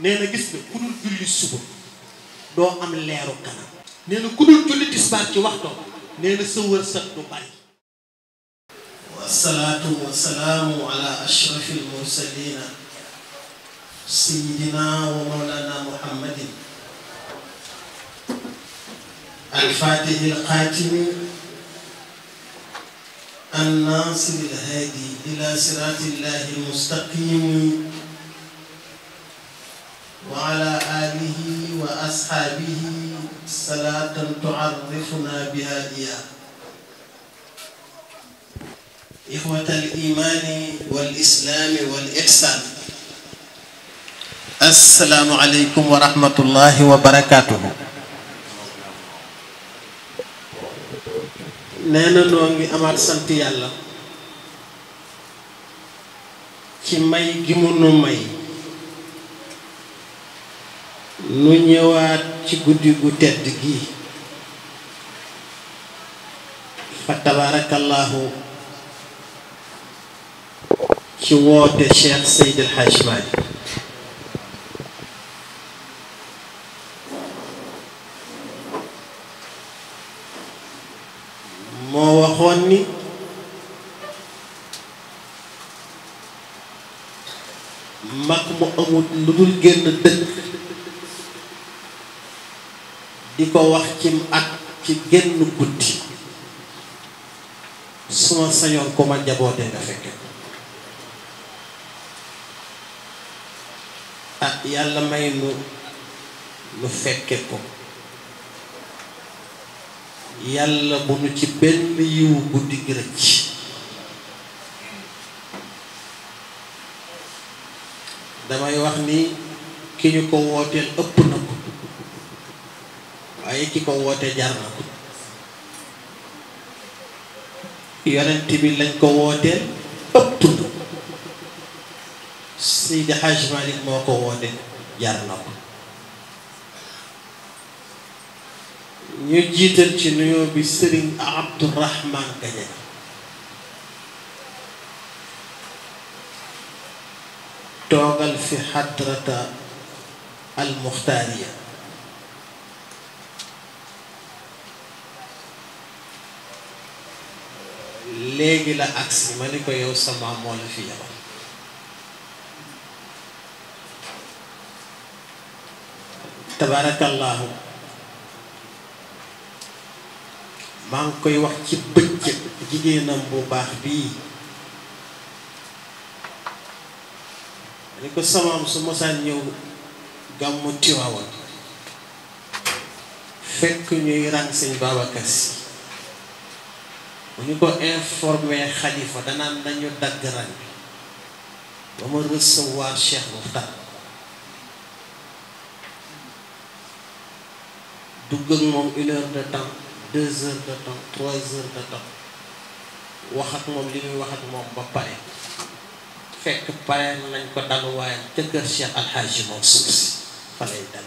nee gis na ku dul julli suba doo am leeru kanam nee na julli tisbaar ci waxtoom nee na sa wërsëg du bari wasalaatu wasalaamu ala ashrafi almursalina sayidina wa mawlana muhammadin alfaatihi alxaatimi annaasiri alhaadi ila siraati llahi almustaqimi وعلى آله وأصحابه صلاة تعرفنا بها إياه إخوة الإيمان والإسلام والإحسان السلام عليكم ورحمة الله وبركاته neena noo أمار سنتي الله yàlla ci may gi nu ñëwaat ci guddi gu tedd gi fa tabaarakallaahu ci woote Cheikh Seydi El Hadj Malick moo waxoon ni mag mu amut lu génn dëkk di ko wax ci at ci génn guddi su ma sañoon ko ma njabootee nga fekke ah yàlla may nu nu fekke ko yàlla bu nu ci benn yiwu guddi gi damay wax ni ki ñu ko wooteel ëpp na waaye ki ko woote jar na ko yonent bi lañ ko woote ëpp Seydi Hajj Malick moo ko woote jar na ko ñu jiital ci nuyoo bi sëriñ Abdourahman Gadiaga toogal fi xatrata al muxtaariya léegi la agsi ma ni ko yow sama moo la fi yabal tabaarakallaahu maa ngi koy wax ci bëccëg jigéenam bu baax bii ma ni ko samaam su mosaan ñëw gàmmu Tiwaawan fekk ñuy ràng sëñ Babacar Si bu ñu ko informé xalifa danaa nañu dagg rañ bi ba ma recevoir Cheikh Muxtar dugg ak moom une heure de temps deux heures de temps trois heures de temps wax moom li muy wax moom ba pare fekk pare nañ ko daluwaayam ca kër Cheikh Alxaaji Mansour Si fa lay dal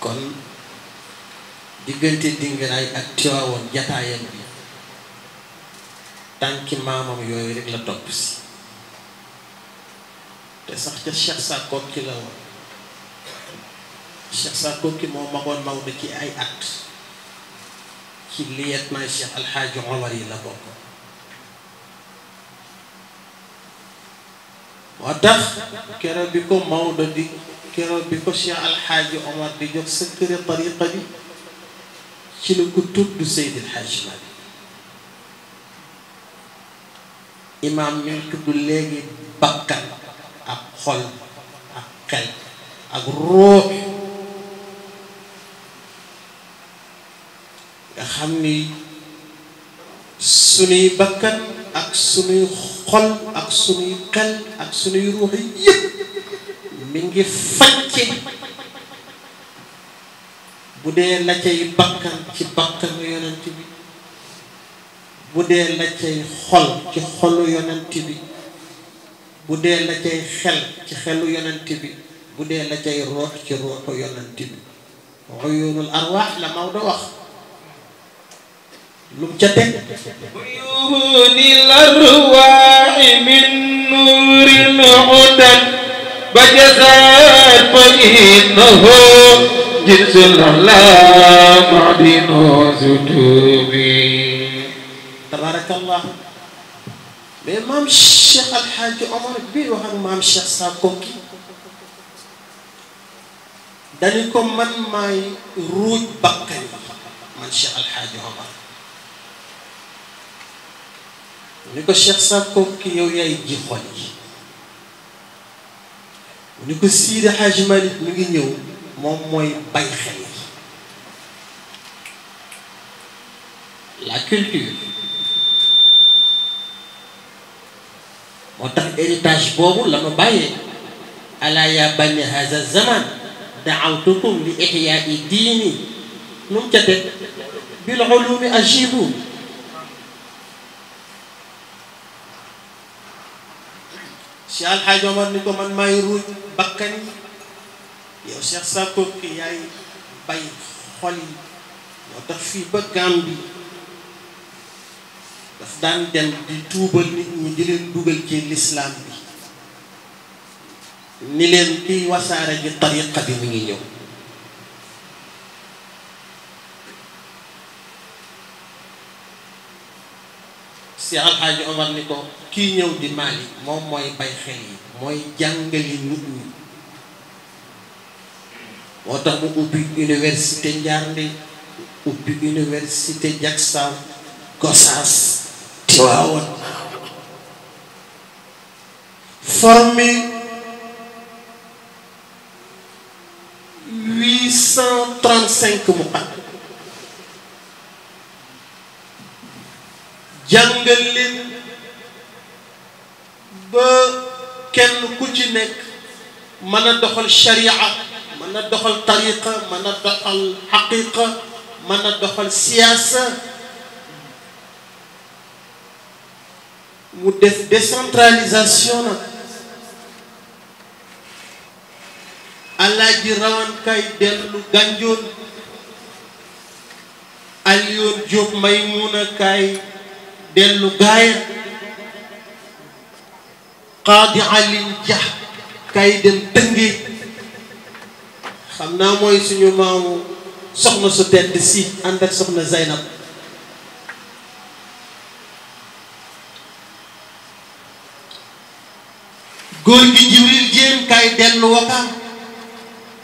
kon diggante dingiraay ak tiwaawoon jataayam bi tànki maamam yooyu rek la topp si te sax ca Cheikh Sakkoki la woon Cheikh Sakkoki moo magoon Maodo ci ay at ci liyet naa Cheikh Alxaaji Omar yi la bokk moo tax keroog bi ko Maodo di keroog bi ko Cheikh Alxaaji Omar di jox secret tariqa bi كيلوكو تود سيد الحاج مالي إمام ملك دولي بكر أقل أقل أقروح أخمي سني بكر أك سني خل أك سني قل أك سني روحي من جي فكي bu dee la cay bakkan ci bakkanu yonent bi bu dee la cay xol ci xolu yonent bi bu dee la cay xel ci xelu yonent bi bu dee la cay roox ci rooxu yonent bi uyuunul arwaax la Maodo wax lu mu ca teg uyuunil arwaaxi min nuuril udan ba jazaat fa innahu جنس الهلا معدن وزتوبي تبارك الله الإمام الشيخ الحاج عمر بن وهان مام الشيخ ساكوكي dañu ko man maay ruuj bakkan man Cheikh Alxaaji Omar ni ko Cheikh Sakko ki yow yaay ji xol yi ni ko Sidi Xaaji Malik mi ngi ñëw موم موي باي خيل لا كولتور موتاخ ايريتاج بوبو لما باي الا يا بني هذا الزمان دعوتكم لاحياء ديني نمتت بالعلوم اجيبوا شال حاجه مرنيكم من ما يروج بكني yow Cheikh Sakho ki yaay bay xol yi moo tax fii ba Gàmbi daf daan dem di tuubal nit ñi di leen dugal ci lislaam bi ni leen kiy wasaare ji tariqa bi mu ngi ñëw si alxaaji Omar ni ko kii ñëw di Mali moom mooy bay xel yi mooy jàngali nit ñi moo tax mu ubbi université Njaarnde ubbi université Jaksaaw Gosaas Tiwaawoon formé huit cent trente cinq mu at jàngal leen ba kenn ku ci nekk mën a doxal sharia mën a doxal tariqa mën a doxal xaqiqa mën a doxal siyaasa mu def décentralisation nag alaaji rawankay dellu gànjoon aliyoon Diop Maymuna kaay dellu gaaya qaadi alin jax kay dem tëngee xam naa mooy suñu maamu soxna su tedd si ànd ak soxna Zaynab góor gi Jibril Jéen kaay dellu Wakaam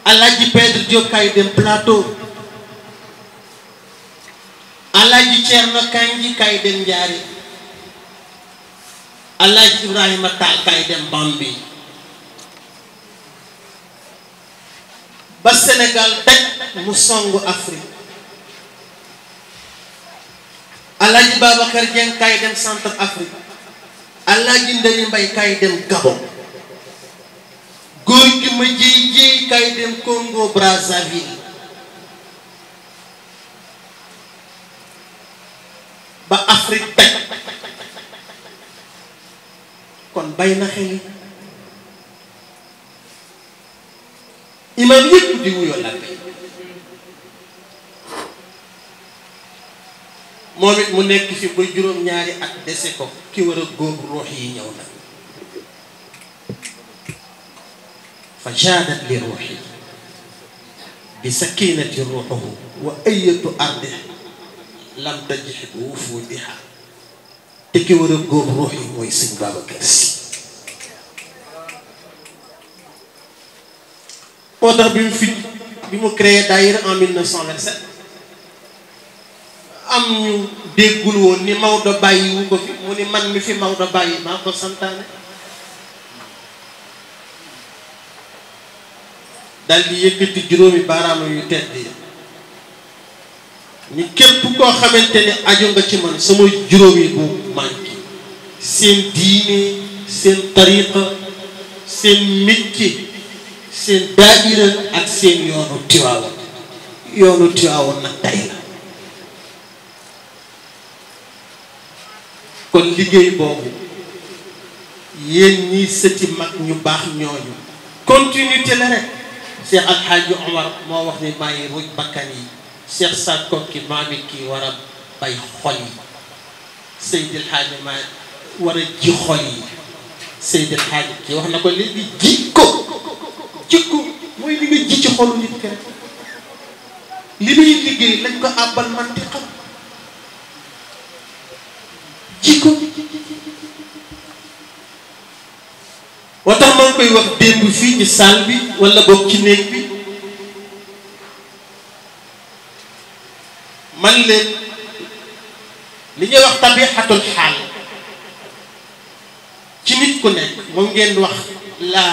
alaaji Pedre Diop kaay dem Plateau alaaji Cerno Kanji kaay dem Njaari alaaji Ibrahima Taal kaay dem Bambi ba Sénégal daj mu songu Afrique Alaaji Babacar Dieng kaay dem centre Afrique Alaaji Ndari Mbay kaay dem Gabon góor gi ma jéy jéy kaay dem Congo Brazzaville ba Afrique daj kon bay na xel imaam yëpp di wuyoo lante moom it mu nekk fi ba juróom-ñaari at dese ko ki war a góob ruux yi ñëw na fa jaadat li ruuxi bi sakinati ruuxuhu wa ayatu arde lam tajix bi wufudiha te ki war a góob ruux yi mooy sëñ Babacar Si moo tax bi mu fi bi mu créé daayira en 1927 am ñu déggul woon ni Maodo bàyyi ko fi mu ni man mi fi Maodo bàyyi maa ko santaane dal di yëkkati juróomi baaraama yu tedd yi ni képp koo xamante ne aju nga ci man sama juróomi bu manqué seen diine seen tariqa seen métier seen daajira ak seen yoonu Tiwaawan yoonu Tiwaawan nag tey la kon liggéey boobu yéen ñi sëti mag ñu baax ñooñu continuité la rek Cheikh Alxaaji Omar moo wax ni maa ngi ruj bakkan yi Cheikh Sakko ki maami kii war a bay xol yi Seydi El Hadji war a ji xol yi Seydi El Hadji wax na ko léegi ji ko jikko mooy li nga ji ci xolu nit kenn li muy liggéey lañ ko àbbal man di xam jikko moo koy wax démb fii ci salle bi walla boog ci néeg bi man leen li ñuy wax tabixatul xaal ci nit ku nekk moom ngeen wax la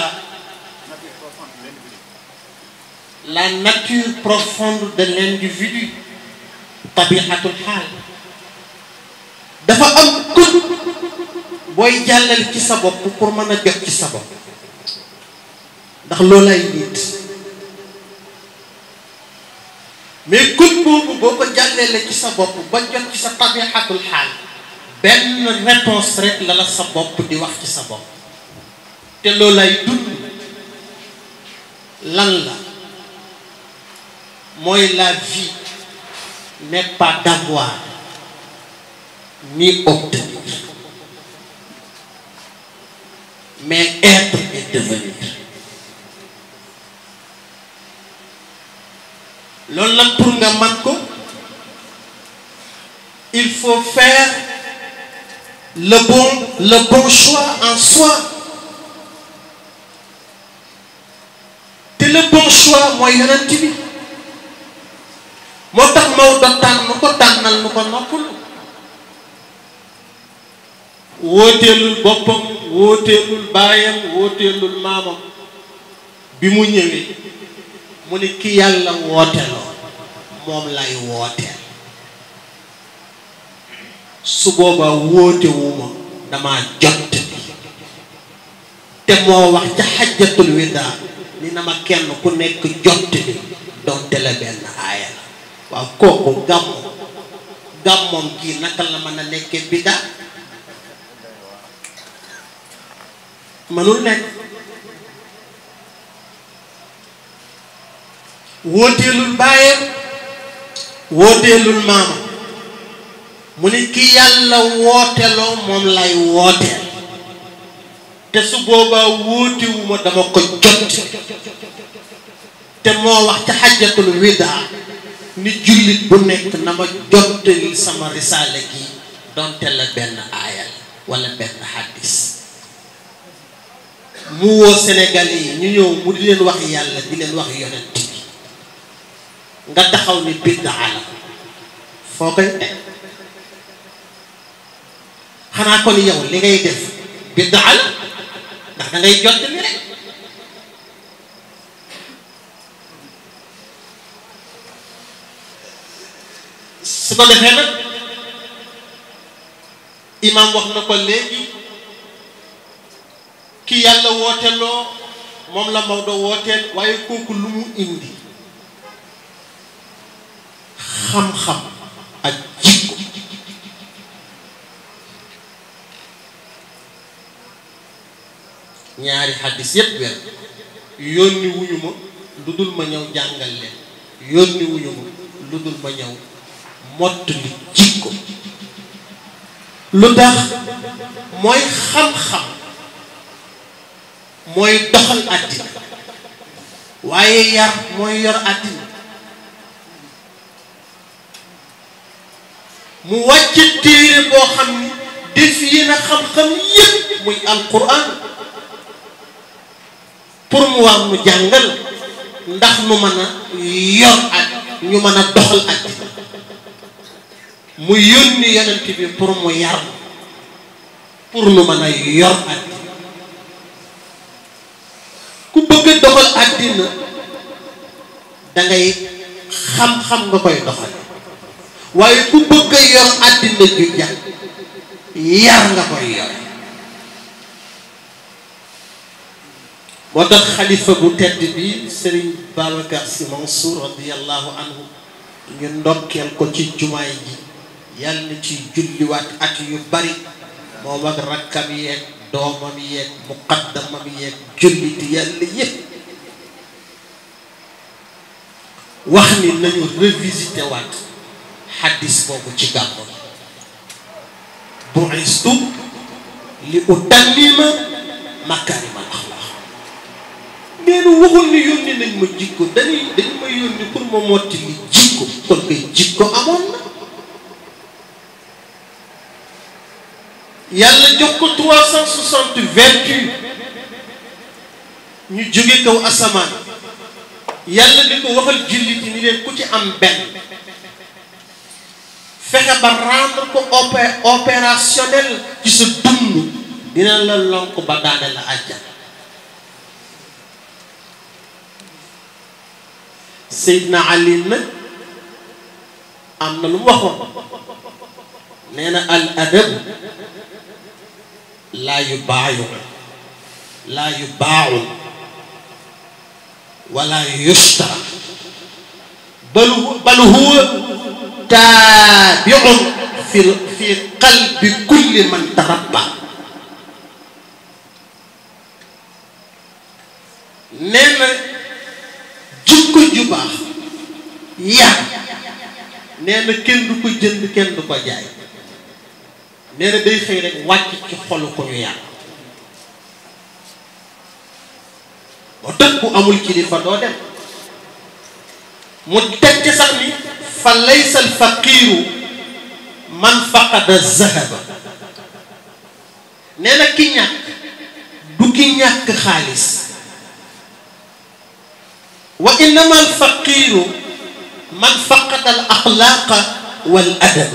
la nature profonde de l'individu tabiatul xaal dafa am code booy jàllal ci sa bopp pour mën a jot ci sa bopp ndax loolay nit mais code boobu boo ko jàllale ci sa bopp ba ci sa tabiatul xaal benn réponse rek la la sa bopp di wax ci sa bopp te la Moi, la vie n'est pas d'avoir ni obtenir mais être et devenir L'on pour Namako, il faut faire le bon le bon choix en soi C'est le bon choix moi, il y a qui bi moo tax Maodo tànn ko tànnal nu ko noppalu wóoteelul boppam wóoteelul baayam wóoteelul maamam bi mu ñëwee mu ne ki yàlla wooteeloo moom lay wooteel su boobaa wóote dama jot te moo wax ca xajjatul widaa ni na ma kenn ku nekk jot bi donte la benn aaya waaw kooku gàmm gàmmoom kii naka la mën a nekkee bidda mënul nekk wóoteelul bàyyeem wóoteelul maama mu ni ki yàlla wooteloo moom lay wooteel te su boobaa wóotewuma dama ko jot te moo wax ca xajatul widaa ni jullit bu nekk na ma jottali sama risaale gi donte la benn aayal wala benn xaddis mu woo Sénégalais yi ñu ñëw mu di leen wax yàlla di leen wax yonent bi nga taxaw ni biddaa la foo koy teg xanaa kon yow li ngay def biddaa la ndax da ngay jottali rek su ko defee nag imaam wax na ko léegi ki yàlla wooteloo moom la Maodo wooteel waaye kooku lu mu indi xam-xam ak jikko ñaari xaddis yépp weer yónni wuñu ma lu dul ma ñëw jàngal leen yónni wuñu ma lu dul ma ñëw mott li jikko lu tax mooy xam-xam mooy doxal àddina waaye yar mooy yor àddina mu wàcc téere boo xam ni def yi na xam-xam yëpp muy alquran pour mu war mu jàngal ndax nu mën a yor ak ñu mën a doxal àddina mu yónni yonent bi pour mu yar pour nu mën a yor àddina ku bëgg a doxal àddina dangay xam-xam nga koy doxal waaye ku bëgg a yor àddina ju jag yar nga koy yor moo tax xalifa bu tedd bi Serigne Babacar Sy Mansour radiyallahu anhu ñu ndokkeel ko ci jumaay ji يالنتي جولي وات اتي بري موما ركامي دومامي مقدمامي جولي تيالي وحني نانيو ريفيزيتي وات حديث بوبو تي غامبو بوعيستو لي اوتاليما مكارم الاخلاق نينو وخول ني يوني نانيو ما جيكو داني داني ما يوني بور مو موتي ني جيكو كون جيكو امون yàlla jox ko trois cent soixante vertu ñu jóge kaw asamaan yàlla di ko waxal jullit yi ni leen ku ci am benn fexe ba rendre ko opé opérationnel ci sa dund dina la lonk ba daane la àjjan Seydina Ali nag am na lu mu waxoon al adab laa yu baayu laa baaxul wala yustara bal bal huwa taabiun fi fi qalbi kulli man tarabba nee na jikko ju kenn du ko kenn du nee na day xëy rek wàcc ci xolu ko ñu yàq ba tax bu amul kilifa doo dem mu teg ci sax ni fa laysa al faqiru man faqada zahaba nee na ki ñàkk du ki ñàkk xaalis wa innama al faqiru man faqada al axlaaqa wal adab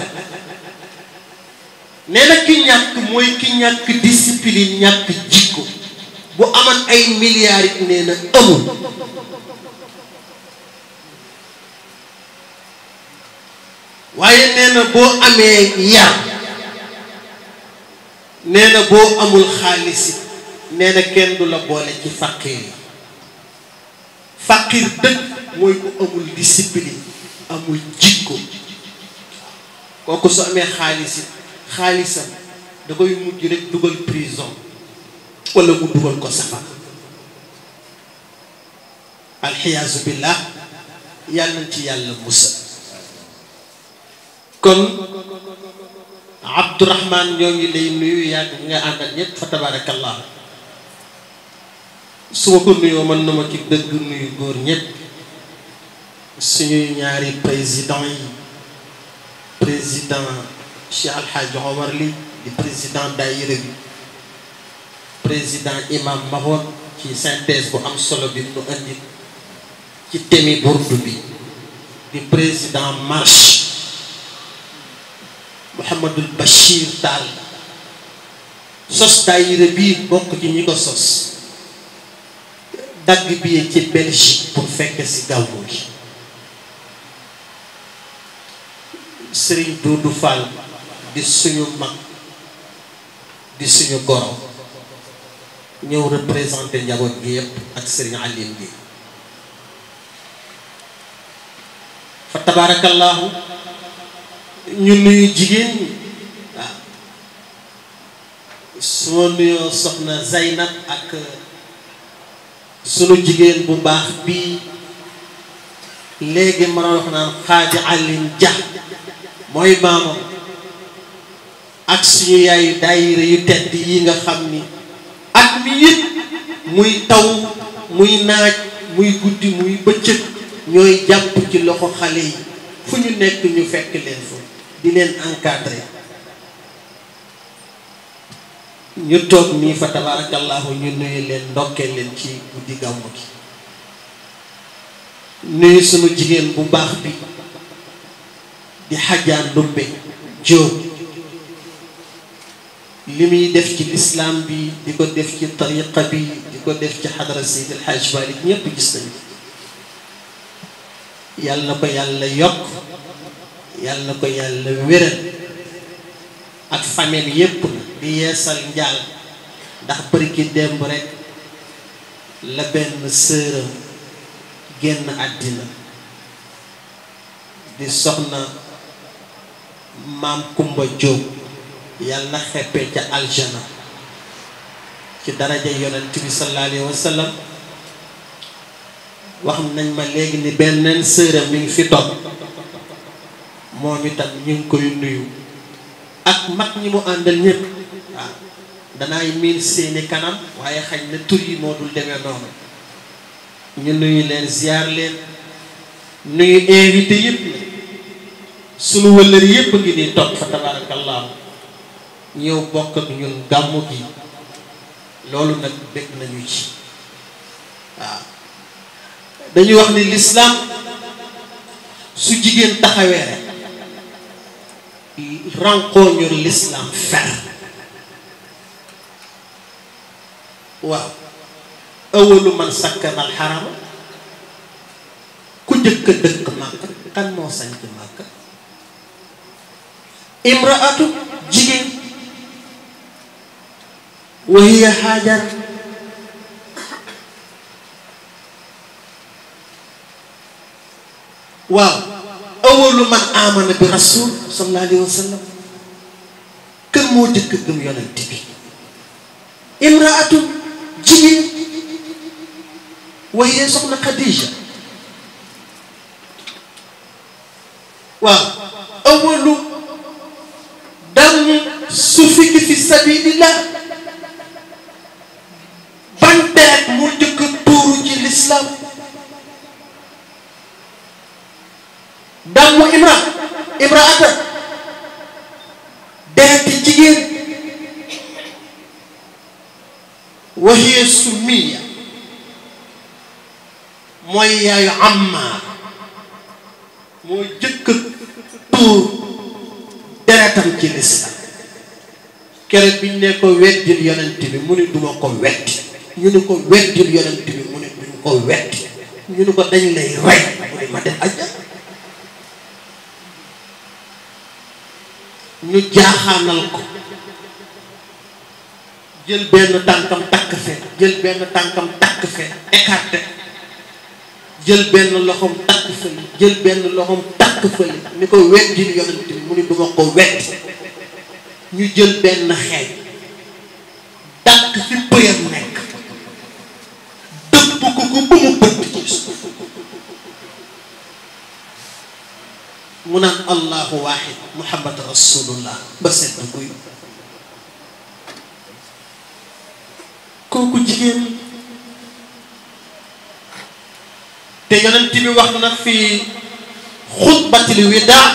nee na ki ñàkk mooy ki ñàkk discipline ñàkk jikko bu amoon ay milliards it nee na amul waaye nee na boo amee yar nee boo amul xaalis it kenn du la boole ci faqir yi faqir dëkk mooy ku amul discipline amul jikko kooku su amee xaalis xaalisam da koy mujj rek dugal prison wala mu dugal ko safara alxiyaasu billah yàlla nañ ci yàlla musa kon abdourahman ñoo ngi lay nuyu yàgg nga àndal ñëpp fa tabarakallah su ma ko nuyoo mën na ma ci dëgg nuyu góor ñëpp suñuy ñaari président yi président Cheikh Al hajj Omar Ly di président daïre bi président imam Mahone ci synthèse bu am solo bi mu indi ci temi burdu bi di président marche Mouhamadul Bachir Tall sos daayira bii bokk ci ñi ko sos dagg bi ci Belgique pour fekk si gàmmu gi Serigne Doudou Fall di suñu mag di suñu goro ñëw représenté njaboot gi yëpp ak sëriñ Alioune bi fa tabaarakallaahu ñu nuyu jigéen ñi waaw su ma nuyoo soxna Zaynab ak sunu jigéen bu baax bii léegi ma wax naan xaaji Alioune Dia mooy maamam ak suñu yaayu daayira yu tedd yi nga xam ni at mi it muy taw muy naaj muy guddi muy bëccëg ñooy jàpp ci loxo xale yi fu ñu nekk ñu fekk leen fa di leen encadré ñu toog nii fa tabarakallahu ñu nuyu leen ndokkee leen ci guddi gàmmu gi nuyu sunu jigéen bu baax bi di xajaan dumbe jóob لمي دف كي الإسلام بي ديكو دف كي الطريقة بي ديكو دف كي حضرة سيد الحاج والد نيب بجسدني يالنا كو يالنا يوك يالنا كو يالنا ويرن أك فاميل يبن بي يسال نجال داك بريكي ديم بريك لبن سير جن عدنا دي سخنا مام كومبا جوب yàlla na xeppee ca aljana ci daraja yonent bi sallallahu alayhi wa wax nañ ma léegi ni benn sëram mi ngi fi toog moom itam ñu ngi koy nuyu ak mag ñi mu àndal ñëpp waaw danaay miin seeni kanam waaye xañ na tur yi moo dul demee noonu ñu nuyu leen ziar leen nuyu invité yëpp sunu wëllër yëpp ngi nii toog fa tabarakallahu ñëw bokk ak ñun gàmmu gi loolu nag bég nañu ci waaw dañuy wax ni lislaam su jigéen taxawee rek rànkoo ñu lislaam fer waaw awalu man sakkanal xarama ku jëkk a dëkk màkk kan moo sañ imraatu jigéen وهي حاجر waaw awalu man amana bi rasul sallallahu alayhi wa sallam kan moo jëkk gëm yonent bi imraatu jigéen waxee soxna Khadija waaw awalu dam sufiki fi sabilillah l'islam damu imra imraata dereti jigéen wa hiya summiya mooy yaayu Ammaar moo jëkk tuur deretam ci lislaam keroog bi ñu ne ko weddil yonent bi mu ni duma ko weddi ñu ni ko weddil yonent bi mu ko wetti ñu ne ko dañ lay rey ñu jaaxaanal ko jël benn tànkam takk fe jël benn tànkam takk fe écarté jël benn loxoom takk fële jël benn loxoom takk fële ni ko weddi yonent bi mu ni duma ko weddi ñu jël benn xeej takk fi pëyam منان الله واحد محمد رسول الله بس بقول كوكو جيجين تيجان تبي وقتنا في خطبة الوداع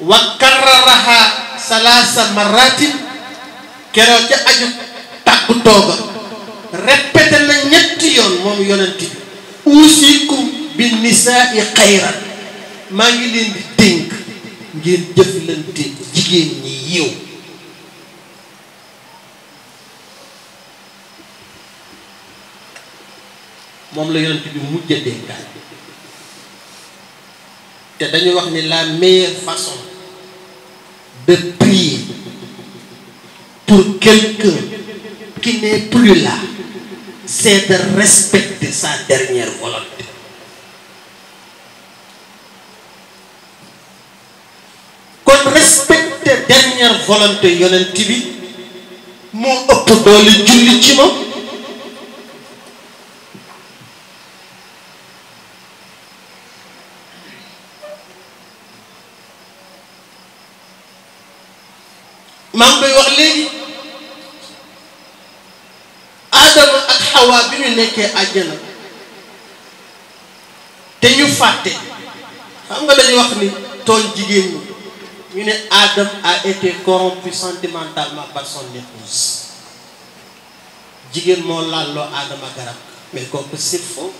وكررها سلاسة مرات كانت أجو تاكو توبا ربتنا نتيون يون موم يونتي اوسيكم بالنساء خيرا maa ngi leen di dénk ngeen jëflante jigéen ñi yiw moom la yonent bi mujj a dénkaat te dañu wax ni la meilleure façon de prier pour quelqu'un qui n'est plus là c'est de respecter sa dernière volonté kon respecté dernière ngi koy wax léegi aadama ak xawaa bi ñu nekkee àjjana te ñu fàtte xam nga dañuy wax ni tooñ jigéen ñi ñu ne Adam a été corrompu sentimentalement par son épouse jigéen moo laalloo Adama garab mais kooku c'est faux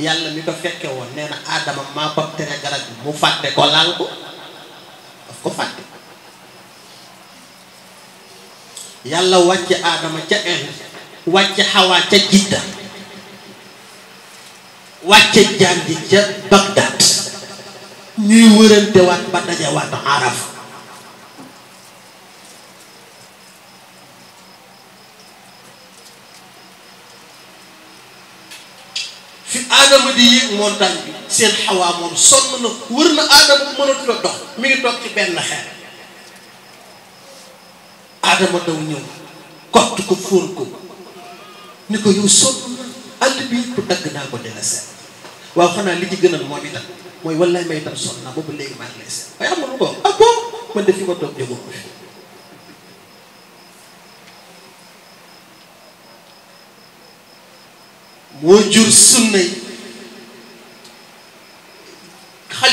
yàlla mi ko fekke woon nee na Adama maa ko tere garab bi mu fàtte ko laal ko daf ko fàtte yàlla wàcce Adama ca Inde wàcce Hawa ca Jidda wàcce jandi ca Bagdad ñuy wërantewaat ba dajewaat araf fi aadama di yéeg montagne bi seen xawaa moom sonn na wër na aadama mënatul a dox ngi toog ci benn xeer aadama daw ñëw kott ko fóor ko ni ko yow sonn na bi yëpp dagg naa ko dina seet waaw xanaa li ci gënal moom itam mooy wallaay may tam na naa boobu léegi maa ngi seet waaye am ko ah toog ko fi moo jur sunna yi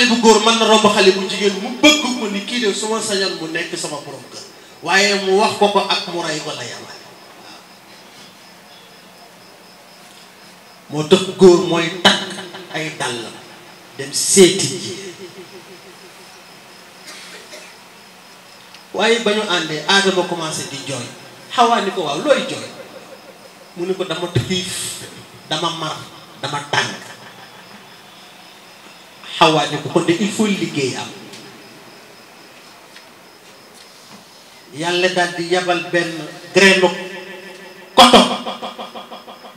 bu góor man na romb xale bu jigéen mu bëgg ko ni kii de su ma mu nekk sama borom kër waaye mu wax ko ko ak mu rey ko la yàlla moo tax góor mooy takk ay dàllam dem seeti ji waaye ba ñu àndee aadama commencé di jooy xawaa ni ko waaw looy jooy mu ne ko dama xiif dama mar dama tàng xawaa ni ko kon de il faut liggéey yàlla daal di yabal benn graine coton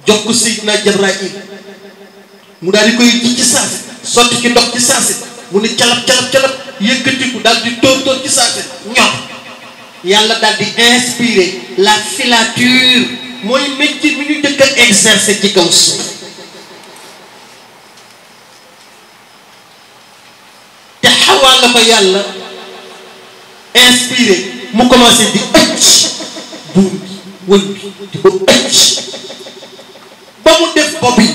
jox ko Seydina Jibril mu daal di koy ji ci sotti ci ndox ci saasi mu ni calab calab calab yëkkatiku daal di tóor tóor ci saasi ñor yàlla daal di inspiré la filature mooy métier mi ñu jëkk a ci kaw suuf te xawaa la yàlla inspiré mu commencé di ëcc buum bi wëñ bi di ko ëcc ba mu def bopp bi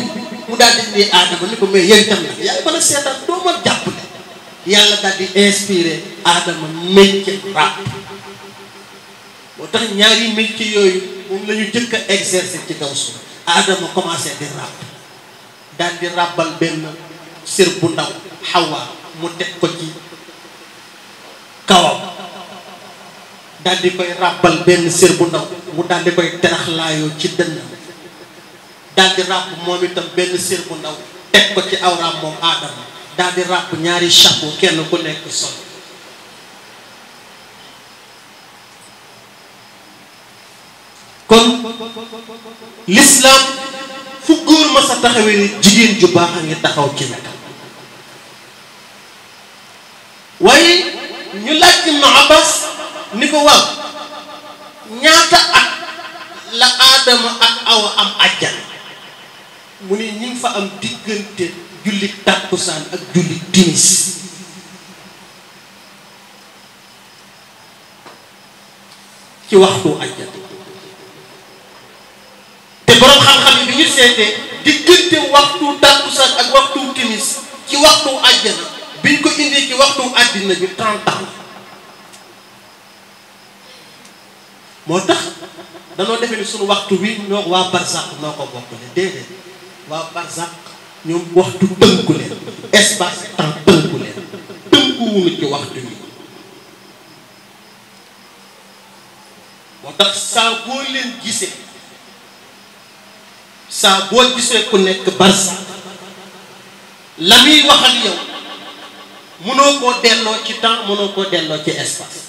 mu daal di indi aadama ni ko mais yéen itam nag yàlla mën a seetaan doo ma jàpp ne yàlla daal di inspiré aadama métier rap moo tax ñaari métier yooyu moom lañu ñu jëkk a ci kaw suuf aadama commencé di rap daldi di rabal benn sër bu ndaw xawaa mu teg ko ci kawam daal di koy rabal benn sër bu ndaw mu daal koy teraxlaayoo ci dënnam daal di ràpp moom itam benn sér bu ndaw teg ko ci awraam moom aadama daal di ràpp ñaari chapeau kenn ku nekk sol kon lislaam fu góor ma sa taxawee jigéen ju baax a ngi taxaw ci wetam waaye ñu laaj Ibnu Abbas ni ko waaw ñaata at la aadama ak awa am àjjana mu ne ñi fa am diggante julli tàkkusaan ak julli timis ci waxtu ajjat te borom xam-xam yi bi ñu seetee diggante waxtu tàkkusaan ak waxtu timis ci waxtu ajjana biñ ko indee ci waxtu àddina bi trente ans moo tax danoo defe ni suñu waxtu wi ñoo waa barsàq noo ko bokk ne déedéet waa barzaq ñoom waxtu tënku leen espace temps tënku leen tënku wuñu ci waxtu yi moo tax saa boo leen gisee saa boo gisee ku nekk barzaq la muy waxal yow mënoo koo delloo ci temps mënoo koo delloo ci espace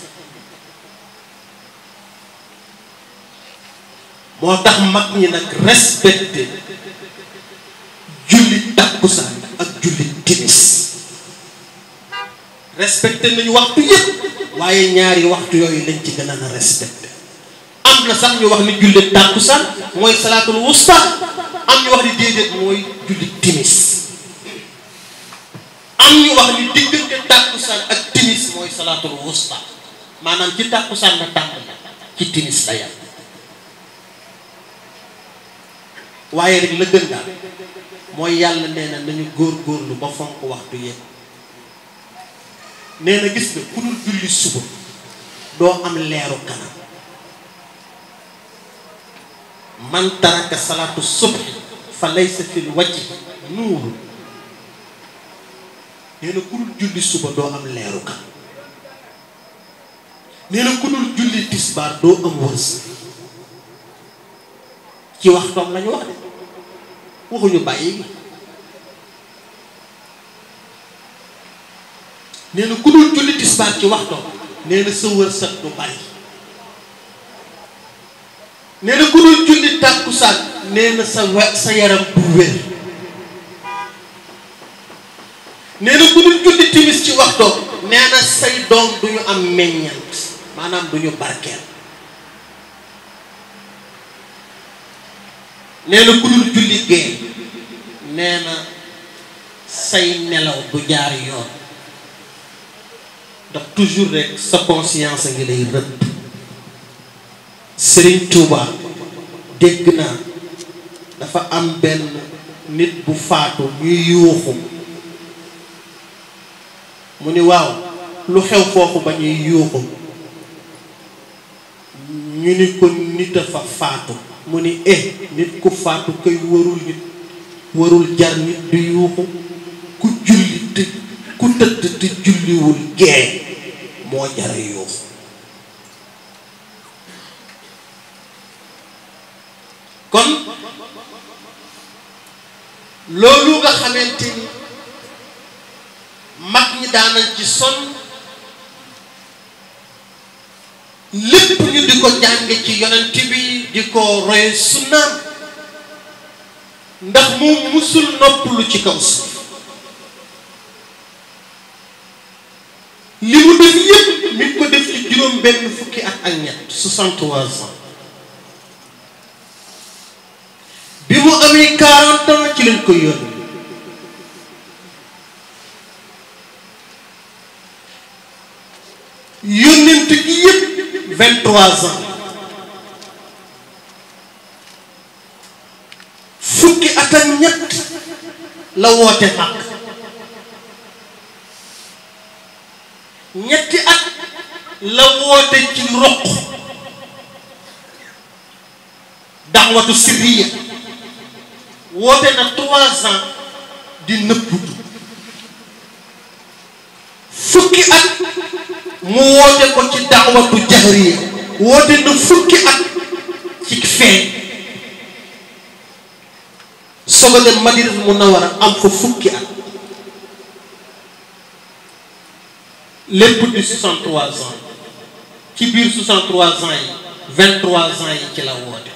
moo tax mag ñi nag respecté julli takkusaan ak julli timis respecté nañu waxtu yëpp waaye ñaari waxtu yooyu lañ ci gën a respecté am na sax ñu wax ni julli takkusaan mooy salaatul wusta am ñu wax ni déedéet mooy julli timis wax ni takkusaan ak timis mooy salaatul wusta maanaam ci takkusaan la tàmbali ci timis la yàlla waaye rek la gën daal mooy yàlla nee na nañu góorgóorlu ba fonk waxtu yépp nee na gis nga ku dul julli suba doo am leeru kanam man taraka salaatu subhi fa nee na ku dul julli leeru kanam nee na ku tisbaar doo am wërs ci waxtoom lañu wax de waxuñu bàyyi gi na ku dul julli tisbaar ci waxtoom nee na sa wërsëg du bari nee ku dul julli tàkkusaan nee na sa sa yaram du wér nee ku dul julli timis ci waxtoom nee na say doom du ñu am meññant maanaam du barkeel nee na ku dul julli gee nee say nelaw du jaar yoon ndax toujours rek sa conscience ngi lay rëbb Sëriñ Tuuba dégg naa dafa am benn nit bu faatu ñuy yuuxu mu ni waaw lu xew foofu ba ñuy yuuxu ñu ni ko nit a fa faatu mu ni eh nit ku faatu koy warul nit warul jar nit du yuuxu ku julli te ku tëdd te julliwul gee moo jara yuuxu kon loolu nga xamante ni mag ñi daanañ ci sonn lépp ñu di ko jàng ci yonent bi di ko roye sunnaam ndax moom musul noppalu ci kaw suuf li mu def yépp mi ngi ko def ci juróom benn fukki at ak ñett soixante-trois ans bi mu amee quarante ans ci lañ ko yónni yónnent gi yépp 23 ans fukki at ak ñett la woote mag ñetti at la woote ci roq daxwatu sirriya woote na trois ans di nëbbutu fukki at mu woote ko ci daawatu jahriya woote na fukki at ci feeñ soog a dem Madinatul Munawwara am fa fukki at lépp di 63 ans ci biir 63 ans yi 23 ans yi ci la woote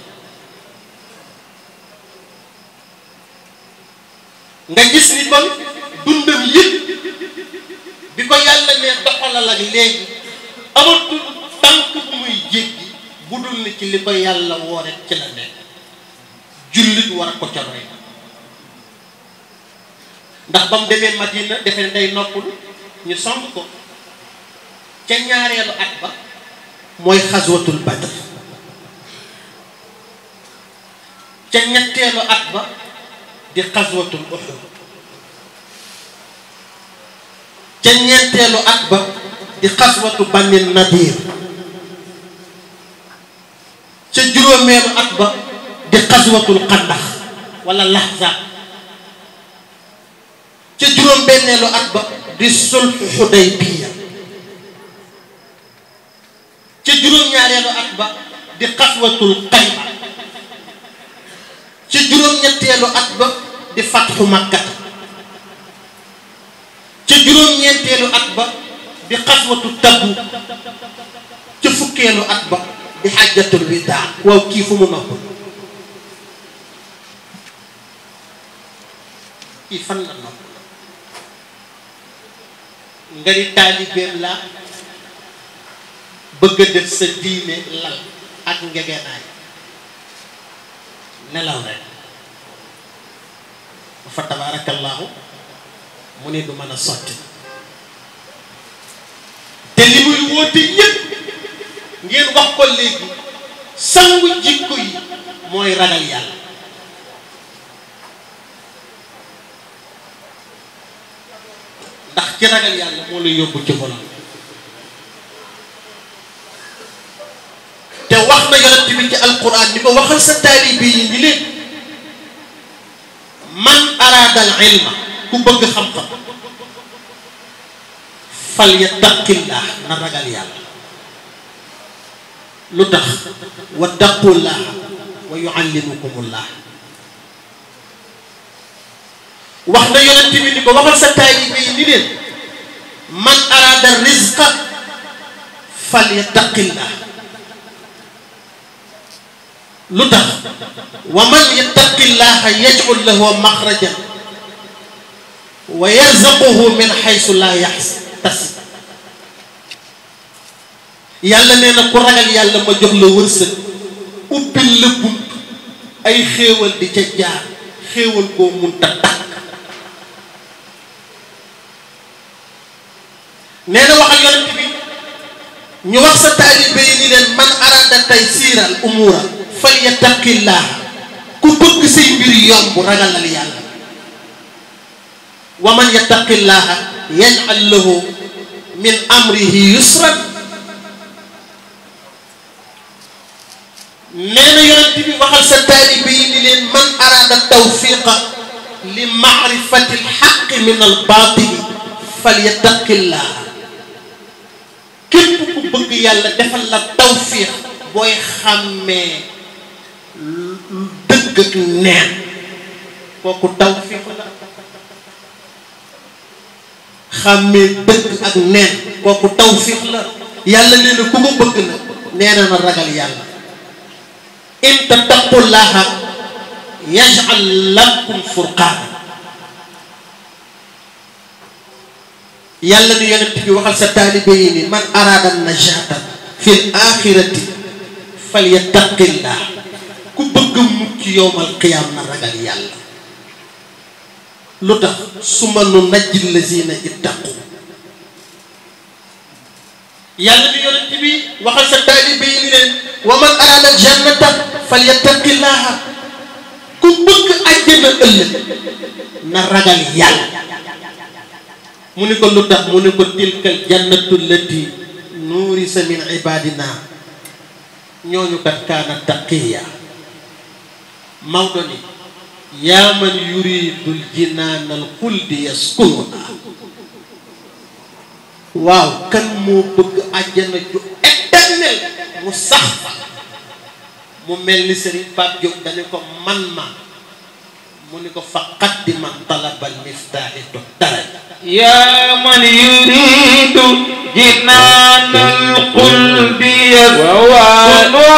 nga gis ni kon dundam yëpp bi ko yàlla ne doxalal ak léegi amatul tànk bu muy jéggi bu dul ne ci li ko yàlla woo rek ci la nekk jullit war ko ca roy ndax ba mu demee Madina defe ne day noppalu ñu somb ko ca ñaareelu at ba mooy xaswatul Badr ca ñetteelu at ba di xaswatul Uhud ca ñeenteelu at ba di xaswatu bànni nadir ca juróomeelu at ba di xaswatul xandax wala laxza ca juróom benneelu at ba di sulxu xudaybiya ca juróom-ñaareelu at ba di xaswatul xayba ca juróom-ñetteelu at ba di fatxu makkata ca juróom-ñeenteelu at ba di xaswatu tabbu ca fukkeelu at ba di xàjjatul widaa waaw kii fu mu nopp kii fan la nopp nga di taalibeem la bëgg a def sa diine lal ak ngegenaay nelaw rek fa tabaarakallaahu mu ne du mën a sotti te li muy woote ñëpp ngeen wax ko léegi sangu jikko yi mooy ragal yàlla ndax ci ragal yàlla moo lay yóbbu ci borom te wax na yonent bi ci alquran ni ko waxal sa taalibe yi ni man araada al ilma كبغ خمطة فليتق الله من الرجال يالا لتخ واتقوا الله ويعلمكم من أراد الرزق فليتق الله لتخ ومن يتق الله يجعل له مخرجا wa yarzaquhu min xaysu laa yaxtasib yàlla nee na ku ragal yàlla ma jox la wërsëg ubbil la bunt ay xéewal di ca jaar xéewal koo munta tàkk nee na waxal yonent bi ñu wax sa taalibe yi ni leen man arada taysiiral umuura fal yattaqillaaha ku bëgg say mbir yomb ragalal yàlla ومن يتق الله يجعل له من امره يسرا نانا يونتي وخال سا طالبين من اراد التوفيق لمعرفه الحق من الباطل فليتق الله كيف كو بغ يالا ديفال لا توفيق بوي خامي دغ نين كوكو توفيق لا xàmmee dëgg ak neen kooku tawfiix la yàlla nee ku ma bëgg na na na ragal yàlla in tattaqullaha yaj'al lakum furqaan yàlla nu yonent bi waxal sa taalibe yi ni man araada najaata fil axirati falyattaqillah ku bëgg mucc yowmal qiyaam na ragal yàlla lu tax suma nu najji lazina ittaqu yàlla bi yonent bi waxal sa taalibe yi ni leen wa man araada jannata falyattaqillaha ku bëgg àjjana ëllëg na ragal yàlla mu ni ko lu tax mu ni ko tilkal jannatu lati nuurisa min ibadina ñooñu kat kaana taqiya Maodo ni ya man yuri dul jinan al khuld yaskuna waaw kan mo bëgg aljana ju eternel mu sax mu melni serigne pap jog dañ ko man ma mu ni ko faqat di man talabal miftah doktara ya man yuridu jinan al khuld yaskuna wa wa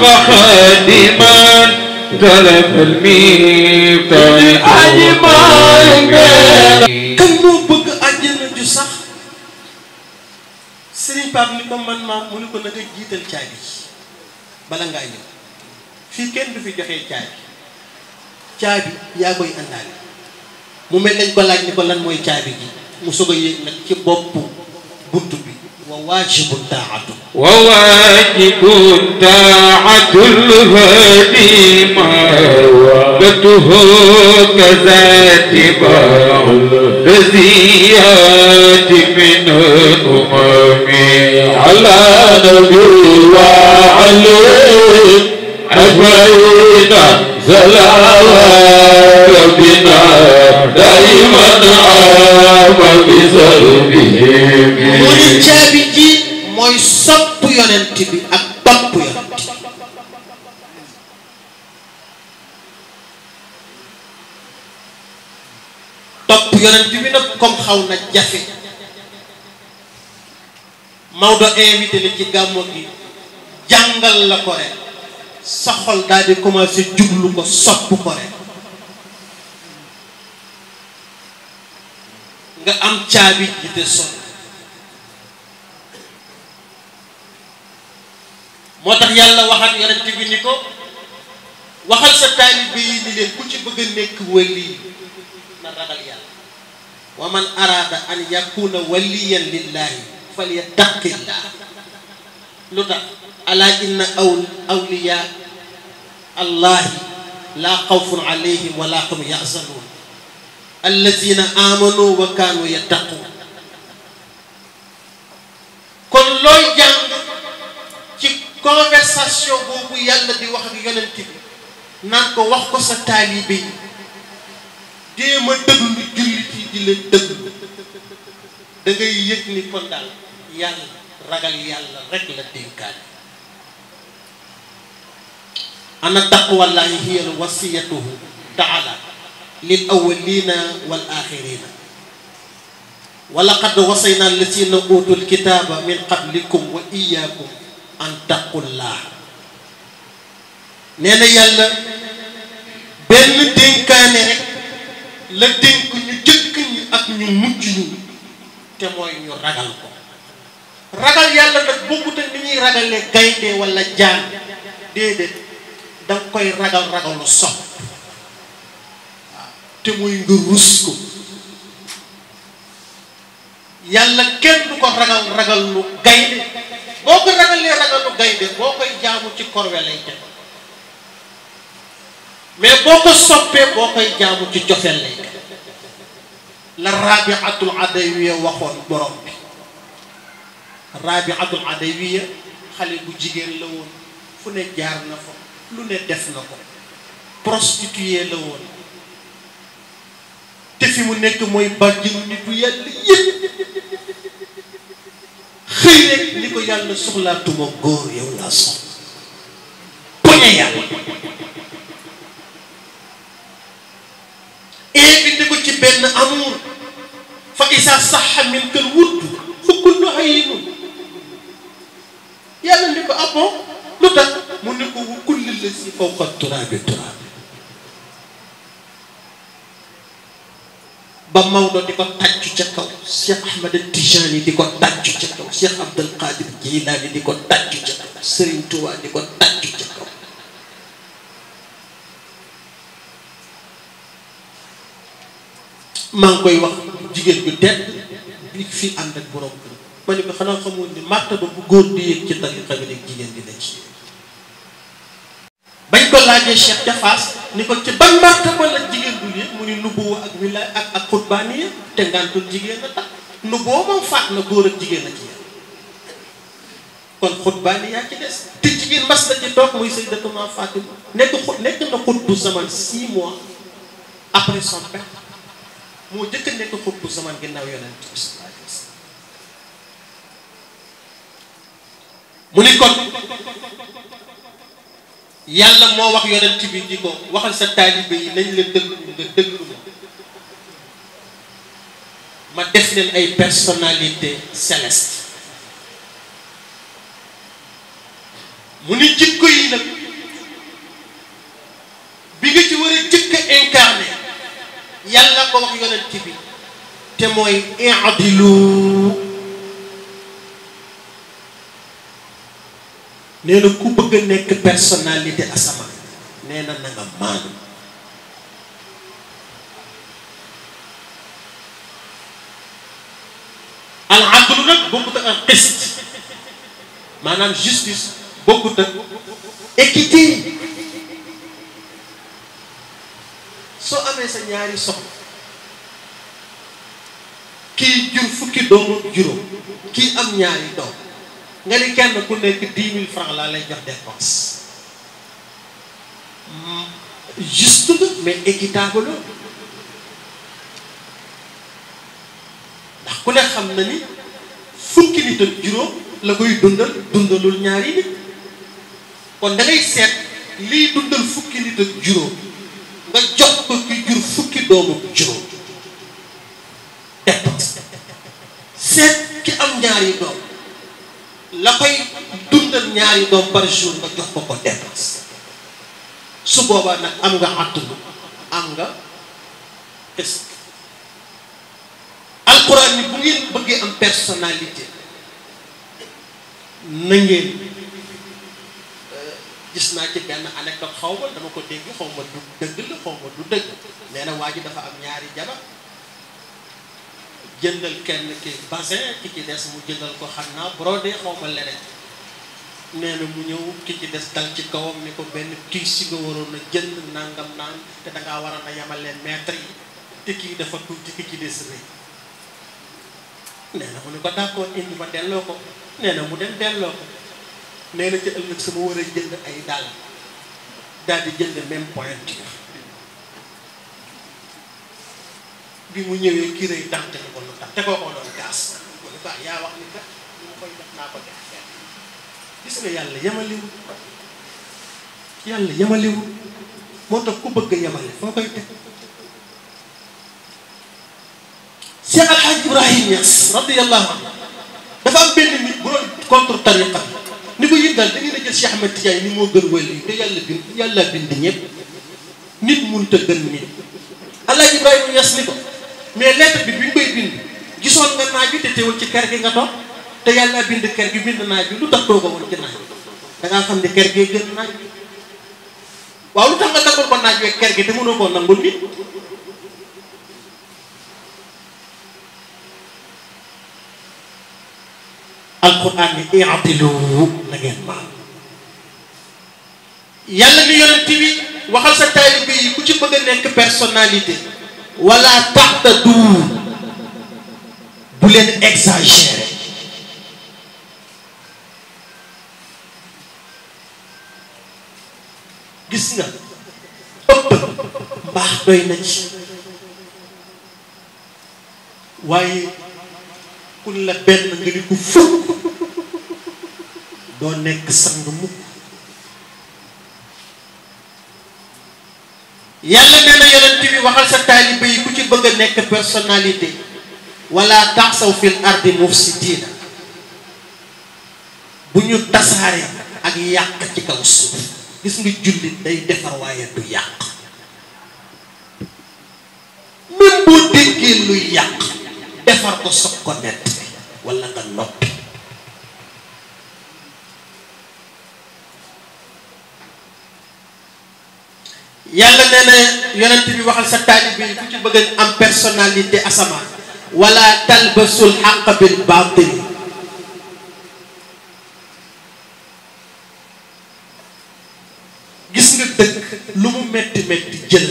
fa khadiman dara mi tooy aji maa ngi kan moo bëgg àjjana ju sax Serigne Pape ni ko maa mu ni ko nag a jiital caabi bala ngaa fii kenn du fi joxee caabi caabi yaa koy àndaale mu mel nañ ko laaj ni ko lan mooy caabi ji mu soog nag ci bopp buntu bi وواجب الطاعة وواجب الطاعة الهديمة وقته كذاتبة الزيات من الأمم على نبي وعلي أجمعين صلوات ربنا دائما عام بصحبه mooy caabi ji mooy sopp yonent bi ak topp yonent bi bi nag xaw na jafe Maodo invité la ci gàmmo gi jàngal la ko rek sa xol daal di commencé jublu ko sopp ko rek nga am caabi ji te sopp moo tax yàlla waxaat yonent bi ni ko waxal sa taalibe yi leen ku ci bëgg nekk wali na ragal yàlla wa man araada an yakuna waliyan lillahi falyattaqillah lu tax ألا إن أولياء الله لا خوف عليهم ولا هم يحزنون الذين آمنوا وكانوا يتقون كل يوم في conversation بوبو يالا دي واخ دي يونتي نانكو واخ كو سا طالبي دي ما دغلو جليتي دي لا دغلو داغي يك ني كون دال يالا راغال يالا رك لا دينكالي أن تقوى الله هي وصيته تعالى للأولين والآخرين ولقد وصينا الذين أوتوا الكتاب من قبلكم وإياكم أن تقوا الله نانا يالا بن دينكاني رك لا دينك ني جيك ني اك ني مujj ني té moy ñu ragal ko ragal yalla nak bokut ak ni ñi ragalé gaynde wala jaan dédé danga koy ragal ragalu sopp waaw te muy nga rus ko yàlla kenn du ko ragal ragal gaynde boo ko ragalee ragal gaynde boo koy jaamu ci korwe lay teg mais boo ko soppee boo koy jaamu ci jofeel lay teg la rabiatul adawiya waxoon borom bi rabiatul adawiya xale bu jigéen la woon fu ne jaar na fa lu ne def na ko prostituée la woon te fi mu nekk mooy bàjjinu nitu yàlla yëpp xëy rek li ko yàlla soxlaatuma góor yow laa soxla poñe yàlla invité ko ci benn amour fa isa saxa min kal wudd fa kullu hayinu yàlla ni ko ah lu tax mu ne ko wu kulli la si fawqa turaabi turaab ba Maodo di ko tàccu ca kaw Cheikh Ahmed Tijani di ko tàccu ca kaw Cheikh Abdul Qadir Jilaani ko tàccu ca kaw Serigne Touba ko tàccu ca kaw ngi koy wax jigéen ju tedd bi fi ànd ak borom ma xanaa xamoon ni martaba bu góor di yëg tariqa bi rek jigéen di la ci bañ ko laajee Cheikh Jafaas ni ko ci ban martaba la jigéen du lii mu ni nubboo ak wilaay ak ak xutbaani te ngantul jigéen a tax nubboo moom faat na góor ak jigéen a ci yem kon xutbaani yaa ci des te jigéen mas na ci toog muy Sayyidatuna Fatima nekk xut nekk na xut bu zaman six mois après son moo jëkk nekk xut bu zaman ginnaaw yonent mu ni kon yàlla moo wax yonent bi di ko waxal sa taalibe yi nañ leen déglu nga déglu ma def leen ay personnalité céleste mu ni jikko yi nag bi nga ci war a jëkk incarné yàlla ko wax yonent bi te mooy i'dilu nee na ku bëgg a nekk personnalité asamaan nee na na nga maanu al adlu nag bokkut ak qist maanaam justice bokkut ak équité soo amee sa ñaari soxla kii jur fukki doomu juróom kii am ñaari doom nga ni kenn ku nekk dix mille francs laa lay jox dépense juste mais équitable ndax ku ne xam na ni fukki nit ak juróom la koy dundal dundalul ñaari nit kon da ngay seet liy dundal fukki nit ak juróom nga jox ko ki jur fukki doomu juróom dépense seet ki am ñaari doom la koy dundal ñaari doom par nga jox ko ko dépense su boobaa nag am nga attulu am nga est alquran ni bu ngeen bëggee am personnalité na ngeen euh, gis naa ci benn anecdote xaw ma dama ko dégg xaw ma du dëgg la xaw ma du dëgg nee na waa ji dafa am ñaari jabar jëndal kenn ki basin ki ci des mu jëndal ko xam naa brodé xaw ma leneen nee mu ñëw ki ci des dal ci kawam ni ko benn kii si nga waroon a jënd nangam naan te dangaa war a yamal leen mètre yi te kii dafa tuuti ki ci des rëy nee mu ne ko d'accord indi ma delloo ko nee na mu dem delloo ko nee na ëllëg sama war a jënd ay dàll daal di jënd même pointure bi mu ñëwee kii rëy dante ko lu tax te koo ko doon gaas mu ne baax ah, yaa wax ko yàlla yemaliwul yàlla moo tax ku bëgg a yemale foo koy teg Cheikh Al Ibrahim Niass radiyallahu dafa am nit bu doon contre tariqa ni ko a yi te yàlla nit mënut a gën nit El Ibrahim Niass ni ko. mais lettre bi bi ñu koy bind gisoon nga naaj bi te teewul ci kër gi nga toog te yàlla bind kër gi bind naaj bi lu tax doo ko woon ci naaj da ngaa xam ne kër gee gën naaj bi waaw lu tax nga takkal ko naaj wee kër gi te mënoo koo nangul nit alquran ni i'tilu na ngeen maal yàlla ni yonent bi waxal sa taalibe yi ku ci bëgg a nekk personnalité wala taxtadu bu leen exagérer gis nga ëpp mbaax waaye kun la benn nga ni ko fukk doo nekk sang mukk yalla nee na yonent bi waxal sa talibe yi ku ci bëgg nek personnalité wala taxaw fil ardi mufsidina buñu ñu ak yàq ci kaw suuf gis nga jullit day defar waye du yàq même lu defar ko sokko net wala nga noppi yàlla nee na yonent bi waxal sa taalib bi ku ci bëgg am personnalité asamaan wala talbasul xaq bil baatil gis nga dëkk lu mu metti metti jël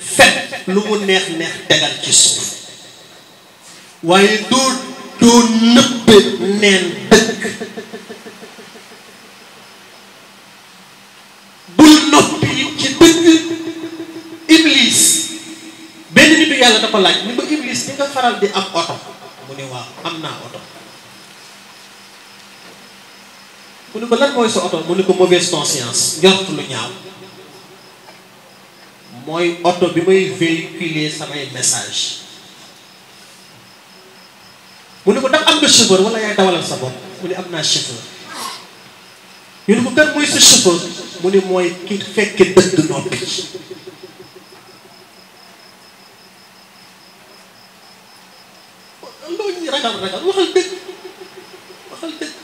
fet lu mu neex neex tegal ci suuf waaye doo doo nëbbe neen dëkk dëgg benn nitu yàlla da laaj ni ko iblis di nga faral di am oto mu ne waaw am naa oto mu ne ko lan mooy sa oto mu ne ko mauvaise conscience njort lu ñaaw mooy oto bi may véhiculer samay message mu ne ko ndax am nga chauffeur wala yaay dawalal sa bopp mu ne am naa chauffeur ñu ne ko kan mooy sa chauffeur mu ni mooy ki fekke dëgg noppi loolu ñu ragal ragal waxal dëgg waxal dëgg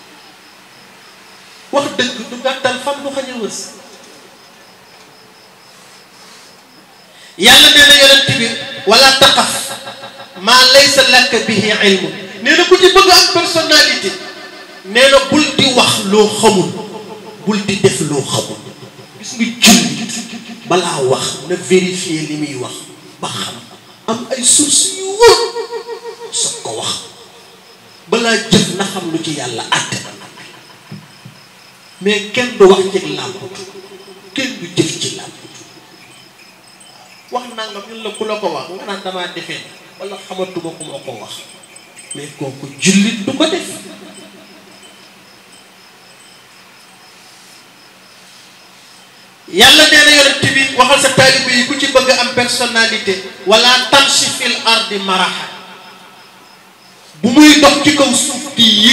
wax dëgg du gàttal fan bu xañ a wës yàlla nee na bi wala taqaf maa laysa laka bihi ilmu nee ku ci bëgg am personnalité nee wax loo xamul bul def loo xamul gis jullit balaa wax na vérifier li muy wax ba xam am ay source yu wóor soog ko wax balaa jëf na xam lu ci yàlla àtte mais kenn du wax ci làmputu kenn du jëf ci làmputu wax naa nga ñun la ku la ko wax nga naan damaa defee wala xamatuma ku ma ko wax mais kooku jullit du ko def yàlla nee na bi waxal sa taalibe yi ku ci bëgg am personnalité wala tamshi fil ardi maraha bu muy dox ci kaw suuf ci bëgg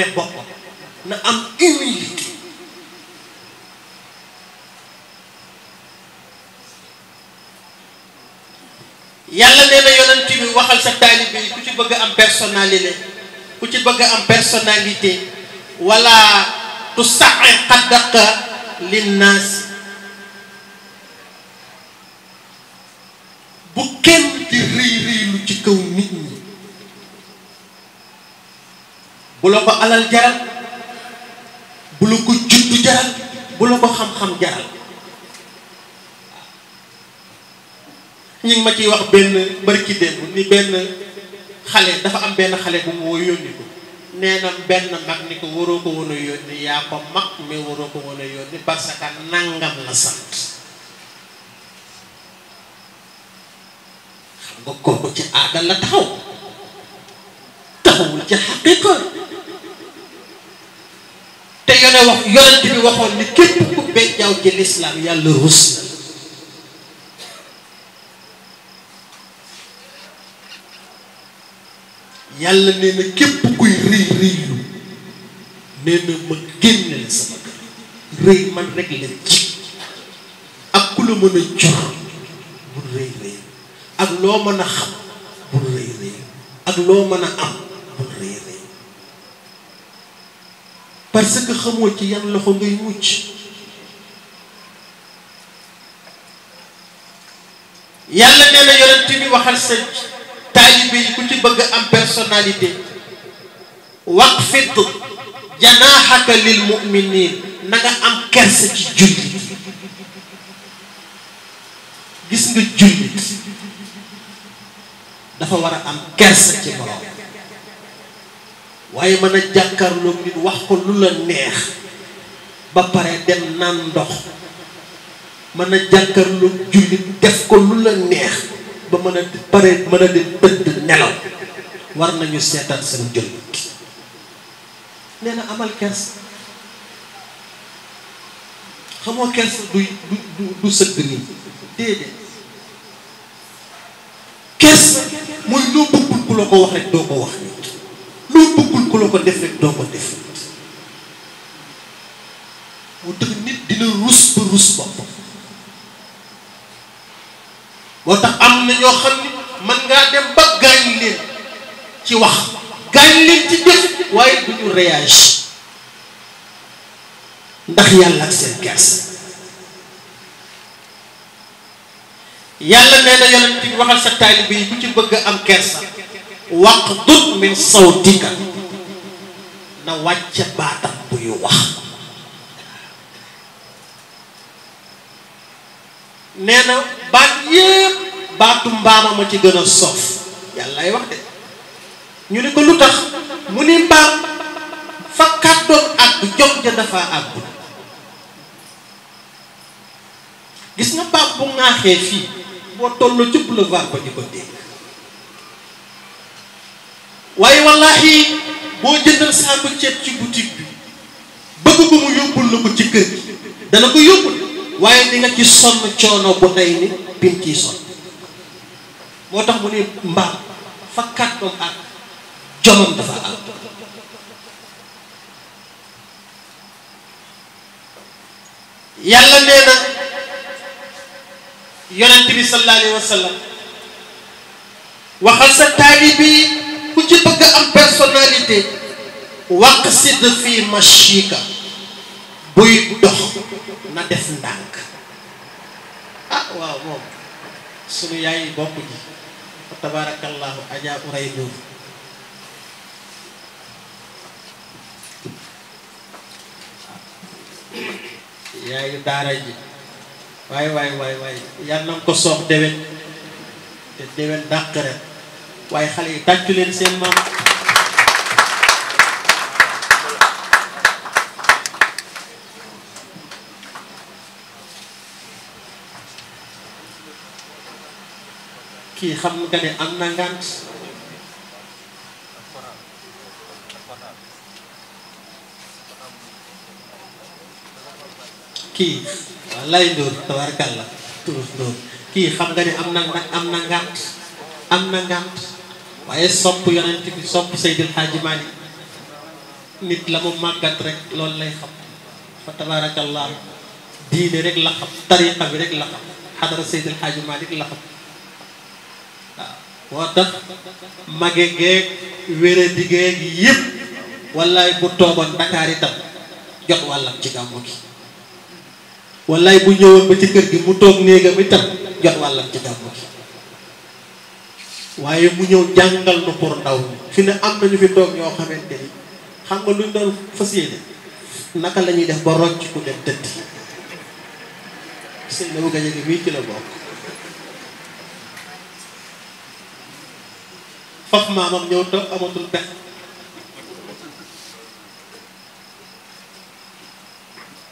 am personnalité ci bëgg am personnalité linnaas bu kenn di rëy rëylu ci kaw nit ñi bu la ko alal jaral bu la ko juddu jaral bu la ko xam-xam jaral ñu ma ciy wax benn barki démb ni benn xale dafa am benn xale bu mu woo yónni ko nee na benn mag ni ko waroo ko woon a yónni yaa ko mag mais waroo ko woon a yónni parce que nangam la sant xam nga kooku ci aada la taxaw taxawul ci xaqiqa te yone wax yonent bi waxoon ni képp ku bejjaaw ci lislaam yàlla rus na yàlla nee képp kuy rëy rëylu nee ma génne la sama kër rëy man rek la ci ak ku la mën a jox bul rëy rëy ak loo mën a xam bul rëy rëy ak loo mën a am bul rëy rëy parce que xamoo ci yan loxo ngay mucc yàlla nee na yonent waxal sa taalibe yi ku ci bëgg am personnalité waqfit janaaxaka lil muminin na nga am kersa ci jullit gis nga jullit dafa war a am kersa ci borom waaye mën a jàkkaarloo nit wax ko lu la neex ba pare dem naan ndox mën a jàkkaarloo jullit def ko lu la neex ba mën a pare mën a dem tëdd nelaw war nañu seetaan seen jël nee na amal kers xamoo kers du du du sëgg nii déedéet kers mooy loo bëggul ku la ko wax rek doo ko wax loo bëggul ku la ko def rek doo ko def moo tax nit dina rus ba rus boppam moo tax am na ñoo xam ni mën ngaa dem ba gaañ leen ci wax gaañ leen ci def waaye du ñu réagir ndax yàlla ak seen kersa yàlla nee na yonent bi waxal sa taalibe bu ci bëgg am kersa waqdud min sawtika na wàcc baatam buy wax nee na baat yépp baatu mbaama ma ci gën a soof yàllaay wax de ñu ne ko lu tax mu ni mbaam fa kàddoon àgg jom ja dafa àggul gis nga mbaam bu ŋaaxee fii boo toll ci boulevard ci la ci kër gi dana ko yóbbul waaye di nga ci sonn coono bu day ni bi sonn moo tax mu ne mbaam fa kàttam ak jomam dafa am yàlla nee na yonent bi sallallahu alayhi waxal sa taalibi ku ci bëgg am personnalité waqsid fi mashika buy dox na def ndànk ah waaw moom sunu yaay bopp ji fa tabarakallahu ajaa uray buur yaayu daara ji waay waay waay waay yal na ko soox déwén te déwén dàq ren waaye xale yi tàccu leen seen maam ki xam nga ne am na ngant kii lay ndur tabarkalla turus ndur kii xam nga ne am na am kan? na ngant am na ngant waye sopp yonent bi sopp sayyidul haji malik nit la mu magat rek lol lay xam fa tabarakallah diine rek la xam tariqa bi rek la xam hadra sayyidul haji malik la xam moo tax mage geeg wéradi geeg yëpp wallaay bu toogoon Dakar itam jot wàllam ci gàmmu gi wallaay bu ñëwoon ba ci kër gi mu toog néegam itam jot wàllam ci gàmmu gi waaye mu ñëw jàngal nu pour ndaw fi ne am nañu fi toog ñoo xamante ni xam nga luñ doon fas yéene naka lañuy def ba rocc ku dem tëdd sëñ na bu gañe gi mii ci la bokk faf maamam ñëw toog amatul pex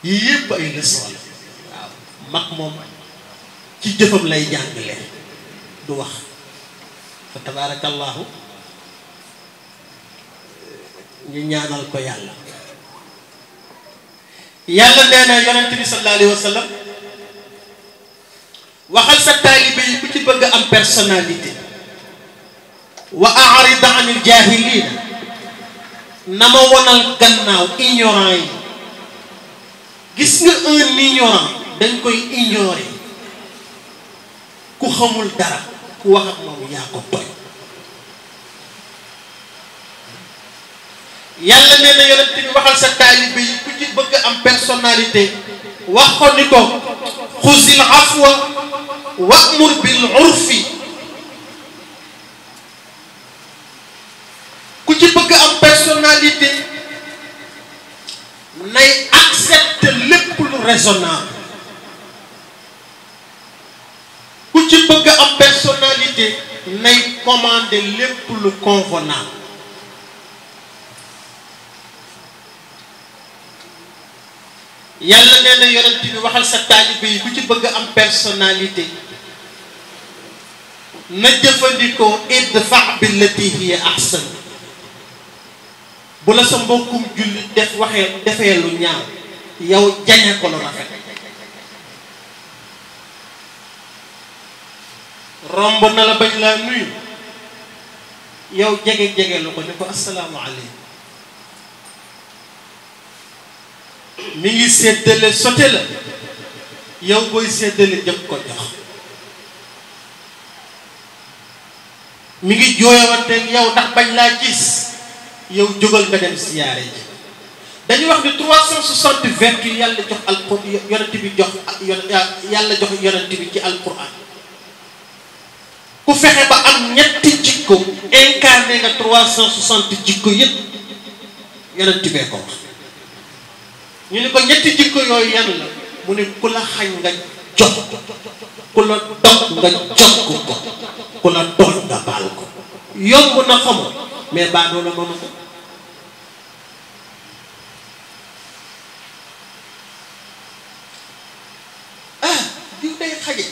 yii yëpp ay leçon waaw mag moom ci jëfam lay jàngale du wax fa tabaarakallaahu ñu ñaanal ko yàlla yàlla nee na yonent bi sallallahu alayhi wa waxal sa taalibe yi ku ci bëgg am personnalité واعرض عن الجاهلين نما ونال غناو ignorant غيسنا ان ignorant دنجكاي ignorer كو خمول دار كو واخا نوم يا كو توي يالا نينا يونتي واخال سا طالب بي كو جي بغا ام بيرسوناليتي واخو نيكو خذ العفو وامر بالعرف ku ci bëgg am personnalité nay accepter lépp lu raisonnable ku ci bëgg am personnalité nay commander lépp lu convenable yàlla nee na yonent waxal sa taalibe yi ku ci bëgg am personnalité na jëfandikoo idfa billati hiya ahsan bu la sa mbokkum jullit def waxee defee lu ñaaw yow jañe ko lu rafet romb na la bañ laa nuyu yow jege-jege lu ko ne ko asalaamu aleykum mi ngi séddale sote la yow booy séddale jëm ko jox mi ngi jooyawante yow ndax bañ laa gis yow jógal nga dem siyaare ji dañu wax ni trois cent soixante vertu yàlla jox alquran yonent bi jox yàlla jox yonent bi ci alquran ku fexe ba am ñetti jikko incarné nga trois cent soixante jikko yëpp yonent bee ñu ne ko ñetti jikko yooyu yan la mu ne ku la xañ nga jox ku la dog nga jox ko ku la doon nga baal ko yomb na xamul mais baadoo la moom ko ah diw day xaje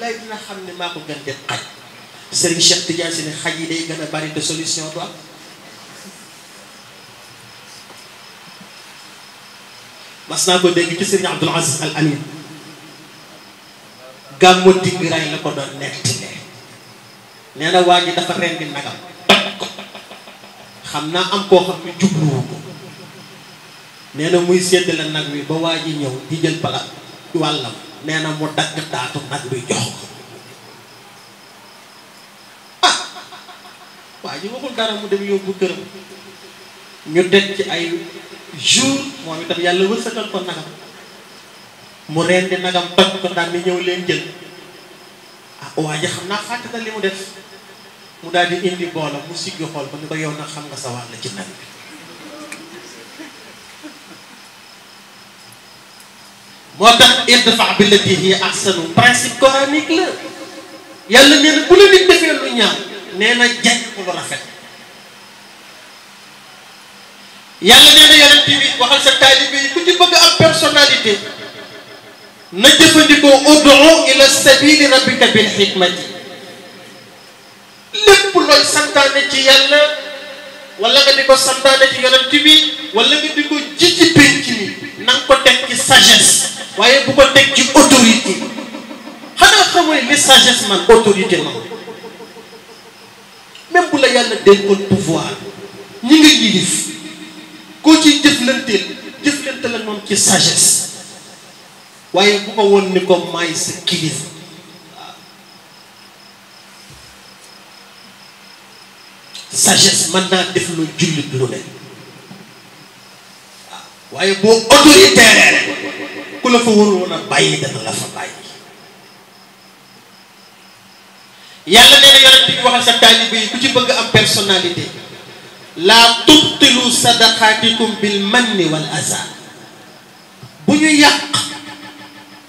lay dina xam ne maa ko gën di xaj Serigne Cheikh Tidiane si xaj yi day gën a bari de solution du mas naa ko dégg ci Serigne Abdoul Aziz Al gàmmu digg ray la ko doon netti nee na waa ji dafa rendi nagam xam naa am koo xam ne jubluwu ko nee na muy la nag wi ba waa ji ñëw di jël palaat wàllam nee na mu dagg taatu nag bi jox ko ah waa dara mu dem yóbbu këram ñu teg ci ay jour moom itam yàlla wërsëgal ko nagam mu rendi nagam toj ko daal di ñëw leen jël ah xam naa fàtte na li mu def mu daal di indi boolam mu siggi xool ba ko yow nag xam nga sa wàll ci nag bi moo tax la yàlla nee na bu la lu na jañ rafet yàlla nee na yonent waxal sa taalibe ku ci bëgg am personnalité na jëfandikoo ud'u ila sabili rabbika bil hikmati lépp looy santaane ci yàlla wala nga di ko santaane ci yonent bi wala nga di ko ji ci pénc mi na nga ko teg ci sagesse waaye bu ko teg ci autorité xanaa xamoy li sagesse man autorité man même bu la yàlla dénkoon pouvoir ñi ngi yilif koo ciy jëflanteel jëflante la moom ci sagesse waaye bu ko woon ni ko maay sa kilifa sagesse mën naa def lu jullit lu ne waaye boo autoritaire ku la fa waroon a bàyyi dana la fa bàyyi yàlla nee na yonent bi waxal sa taalibe ku ci bëgg am personnalité laa tubtilu sadaqaatikum bil manni wal aza bu ñu yàq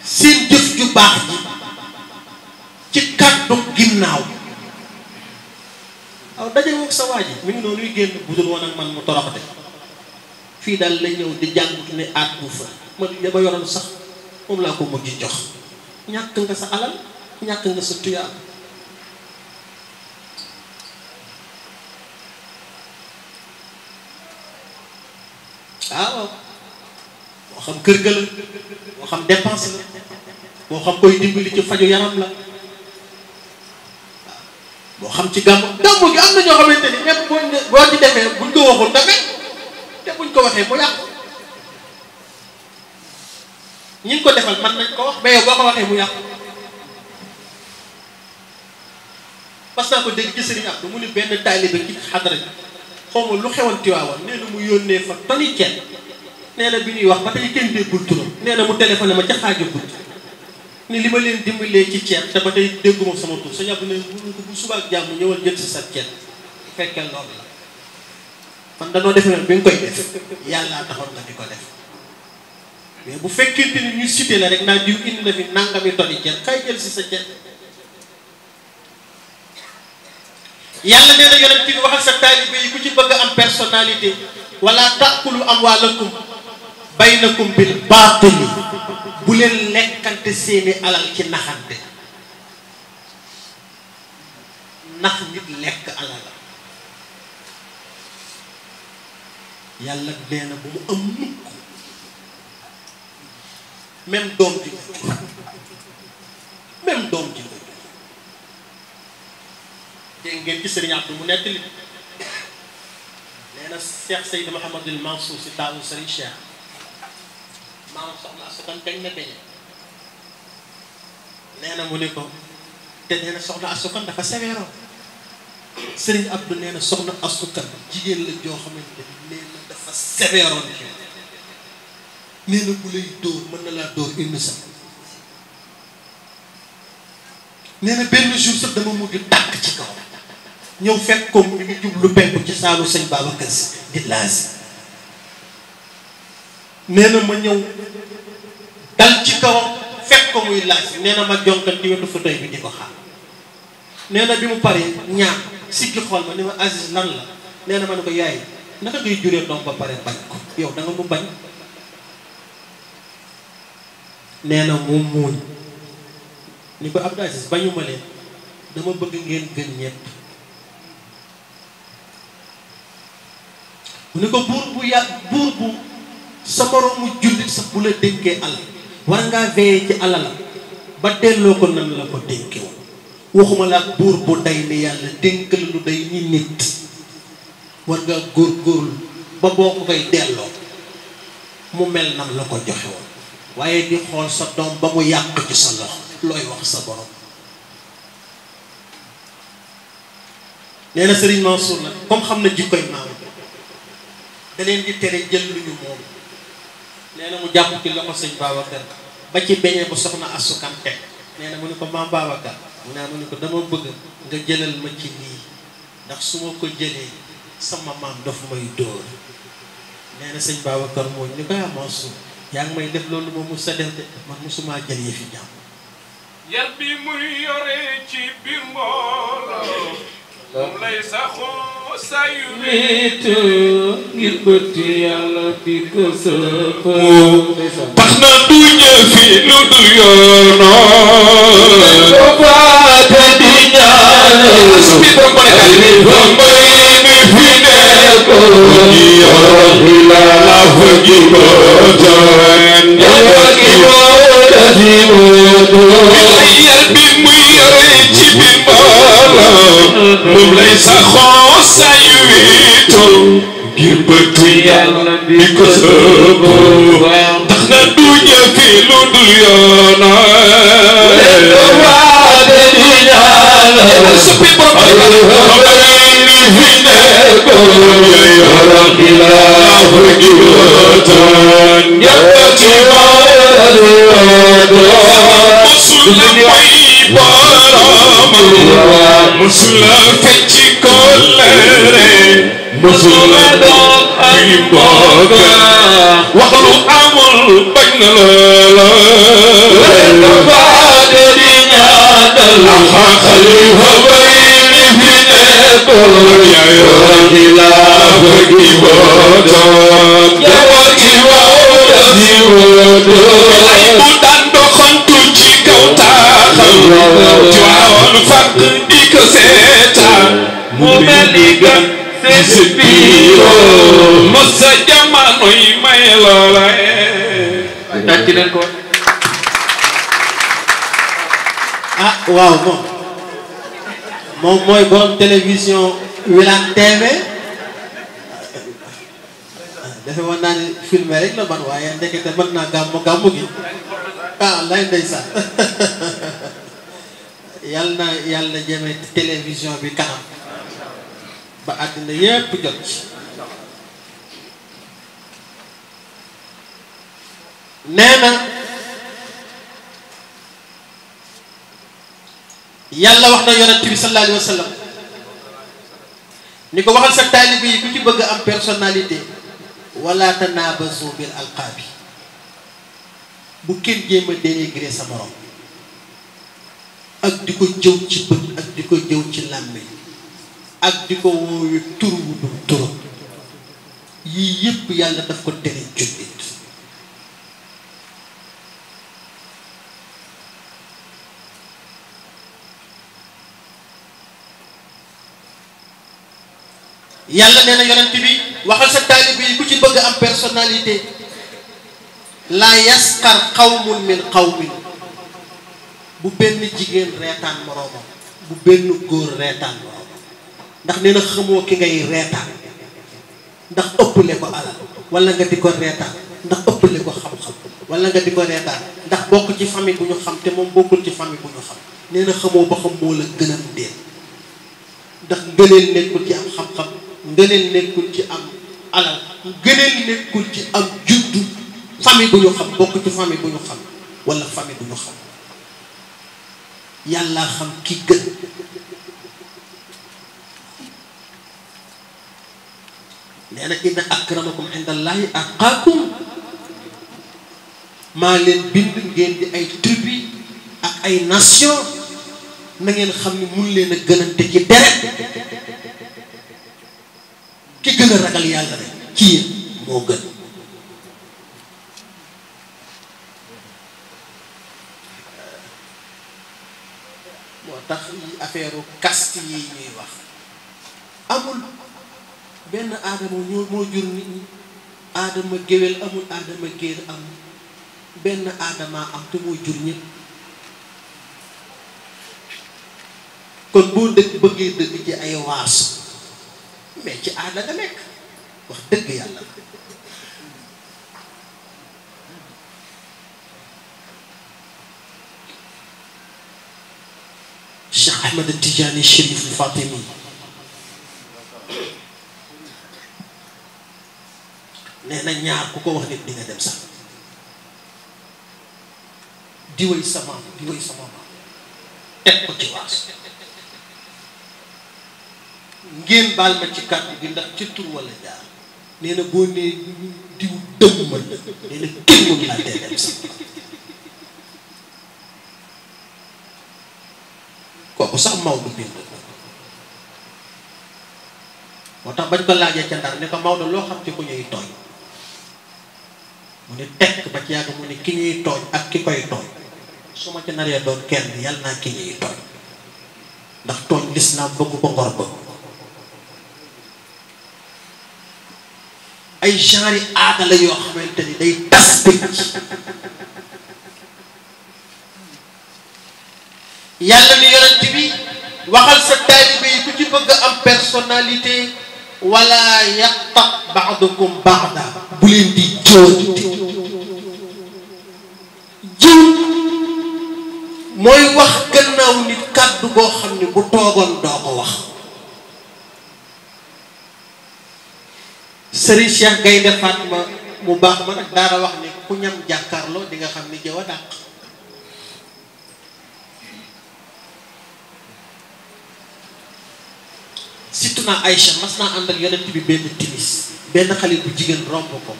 seen jëf ju baax ji ci kàddu ginnaaw aw daje woog sa waa ji mi ngi noonu génn budul woon ak man mu toroxate fii daal la ñëw di jàngut ne aat bu fa man li ma yoroon sax moom laa ko mujj jox ñàkk nga sa alal ñàkk nga sa tuyaab waaw moo xam kër ga moo xam dépense moo xam koy dimbali ci faju yaram la boo xam ci gàmmu gàmmu gi am na ñoo xamante ni même boo boo ci defee buñ ko waxul tamit te buñ ko waxee mu yàqu ñi ko defal man nañ ko wax mais yow boo ko waxee mu yàqu parce que ko dégg ci Serigne Abdou mu ni benn taalibe ci xadara bi xaw ma lu xewoon Tiwaawan nee na mu yónnee fa toni ceeb nee na bi ñuy wax ba tey kenn déggul turam nee na mu téléphoné ma ca xaaju bunt ni li ma leen dimbalee ci ceeb te ba tey dégguma sama tur sëñ Abdou ne ko bu subaak jàmm ñëwal jël si sa ceeb fekkee loolu la man danoo defe bi nga koy def yàllaa taxoon nga di ko def mais bu fekkente ni rek naa na fi nangami toni ceeb kay jël si sa ceeb yàlla nee na yonent bi waxal sa taalibe yi ku ci bëgg am personnalité wala tàkkulu am waalakum baynakum bil baatili bu leen lekkante seeni alal ci naxante nax nit lekk alal yàlla nee na ba mu am mukk même doom ji nga même doom ji nga dégg ngeen ci sëriñ Abdou mu nettali nee na Cheikh Seydou Mouhamadul Mansour si taawu sëriñ Cheikh maam soxna asukan dañ na mu ni ko te nee soxna asukan dafa seweeroo sëriñ Abdou nee na soxna asukan jigéen la joo xamante nee dafa seweeroon bu lay dóor mën na laa dóor indi sax nee benn jour sax dama mujj tàkk ci kaw ñëw fekk ko mu ngi jublu penku ci saalu sëñ Babacar Si di laasi nee ma ñëw dal ci kawam fekk ko muy laaj nee na ma jonkan ci wetu fauteuil bi di ko xaar nee bi mu paree ñaar siggi xool ma ni ma Aziz lan la nee na ma ne ko yaay naka ngay juree doom ba pare bañ ko yow da nga mu bañ nee na moom muuñ ni ko Abdou Aziz bañu ma leen dama bëgg ngeen gën ñett mu ne ko buur bu yàgg buur bu sa moroomu jullit sax bu la dénkee alal war ngaa veeye ci alalam ba delloo ko nan la ko dénke waxuma laa buur bu day ne yàlla dénk la lu day ni nit war ngaa góorgóorlu ba boo ko koy delloo mu mel nan la ko joxe waaye di xool sa doom ba mu yàq ci sa loxo looy wax sa borom nee na Serigne Mansour nag comme xam na jikkoy maam da leen di tere jël lu ñu moom nee na mu jàpp ci loxo sëñ Babacar ba ci beñee bu soxna asukan teg nee na mu ne ko maam Babacar mu ne mu ne ko dama bëgg nga jëlal ma ci lii ndax su ma ko jëlee sama maam daf may dóor nee na sëñ Babacar mooñ ni ko yaa ah, Mansour yaa ngi may def loolu ma mus sa def de man musumaa jël yëfi jàmm yar bi muy yore ci biir mbooloo moom lay saxoo saa yu métti ngir bët yàlla di ko sëppoo tax na du ñëw fii lu dul yoonoo ko baate bi ko bari ba mbay mi fi nekkoo ñi yor la la fa gi ko moom lay saxoo saa yu wiital ngir bëgg yàlla di ko sëboo tax na du ñëkk lu dul yoonal. lépp lu waa dañuy ñaanal. suppi bopp yi la ñu ko bëree li fi nekkoon. yàlla yoroon di laa bëgg yootaan. ñëpp ci moom. musula fecc kollere musula doon ay mbokk wax lu amul bañ na loola leen baade di ñaanal axa xalifa bay li fi nekkoon yaayoo di ay bu daan ci kaw taaxam Tiwaawan fàq seetaan mu mel ni gan si biiroo mos may loola tàcc leen ko ah waaw moom moom mooy borom télévision Wilane TV defe woon naa ne filmé rek la man waaye ndekete mën naa gàmmu gàmmu gi ah lay ndeysaan yal na yal na jëme télévision bi kanam ba àddina yépp jot ci nee yàlla wax na yonent bi sallallahu alayhi ni ko waxal sa taalibe yi ku ci bëgg am personnalité naa tanaabazu bil alqaabi bu kenn jéem a dénigré sa morom ak di ko jëw ci bët ak di ko jëw ci làmmiñ ak di ko wooyu tur wu dul turam yii yépp yàlla daf ko tere jullit yàlla nee na yonent bi waxal sa taalibe yi bu ci bëgg am personnalité laa yasxar xawmun min xawmin bu benn jigéen reetaan moroomam bu benn góor reetaan moroomam ndax nee na xamoo ki ngay reetaan ndax ëppale ko alal wala nga di ko reetaan ndax ëppale ko xam-xam wala nga di ko reetaan ndax bokk ci famille bu ñu xam te moom bokkul ci famille bu ñu xam nee na xamoo ba xam moo la gënam déet ndax gëneel nekkul ci am xam-xam ngëneel nekkul ci am alal ngëneel nekkul ci am juddu famille bu ñu xam bokk ci famille bu ñu xam wala famille bu ñu xam yàlla xam ki gën nee na inna akramakum indallahi atqaakum maa leen bind ngeen di ay tribu ak ay nation na ngeen xam ni mun leen a gënante ci deret ki gën a ragal yàlla rek ci moo gën moo tax affaire kast yi ñuy wax amul benn aadama ñoo moo jur nit ñi aadama géwél amul aadama géer amul benn aadama am te moo jur ñëpp kon boo dëkk bëggee dëkk ci ay waasu mais ci aada nga nekk wax dëgg yàlla Cheikh Ahmed Tidiane Chérif Fatimi nee na ñaar ku ko wax nit di nga dem sax di wéy sama di wéy sama teg ko ci waas ngeen baal ma ci kàddu bi ndax ci tur wala jaar nee na boo nee diw dëgg ma nee na kenn sax Maodo bind moo tax bañ ko laajee ca ndar ne ko Maodo loo xam ci ku ñuy tooñ mu ne tekk ba ci yàgg mu ne ki ñuy tooñ ak ki koy tooñ su ma ci naree ker bi yàlla naa ki ñuy tooñ ndax tooñ lislaam bëgg ko ngor bëgg ay genre aada yoo xamante ni day tas dëkk yàlla ni yonent bi waxal sa taalibe yi ku ci am personnalité wala yaqtab ba'dukum ba'da bu leen di mooy wax gannaaw nit kàddu boo xam ne bu wax sëriñ Cheikh Gaynde Fatma mu baax ma nag daara wax ni ku ñam jàkkaarloo di nga xam ne jëw a dàq surtout naa Aïcha mas naa ànd ak yonent bi benn timis benn xale bu jigéen romb ko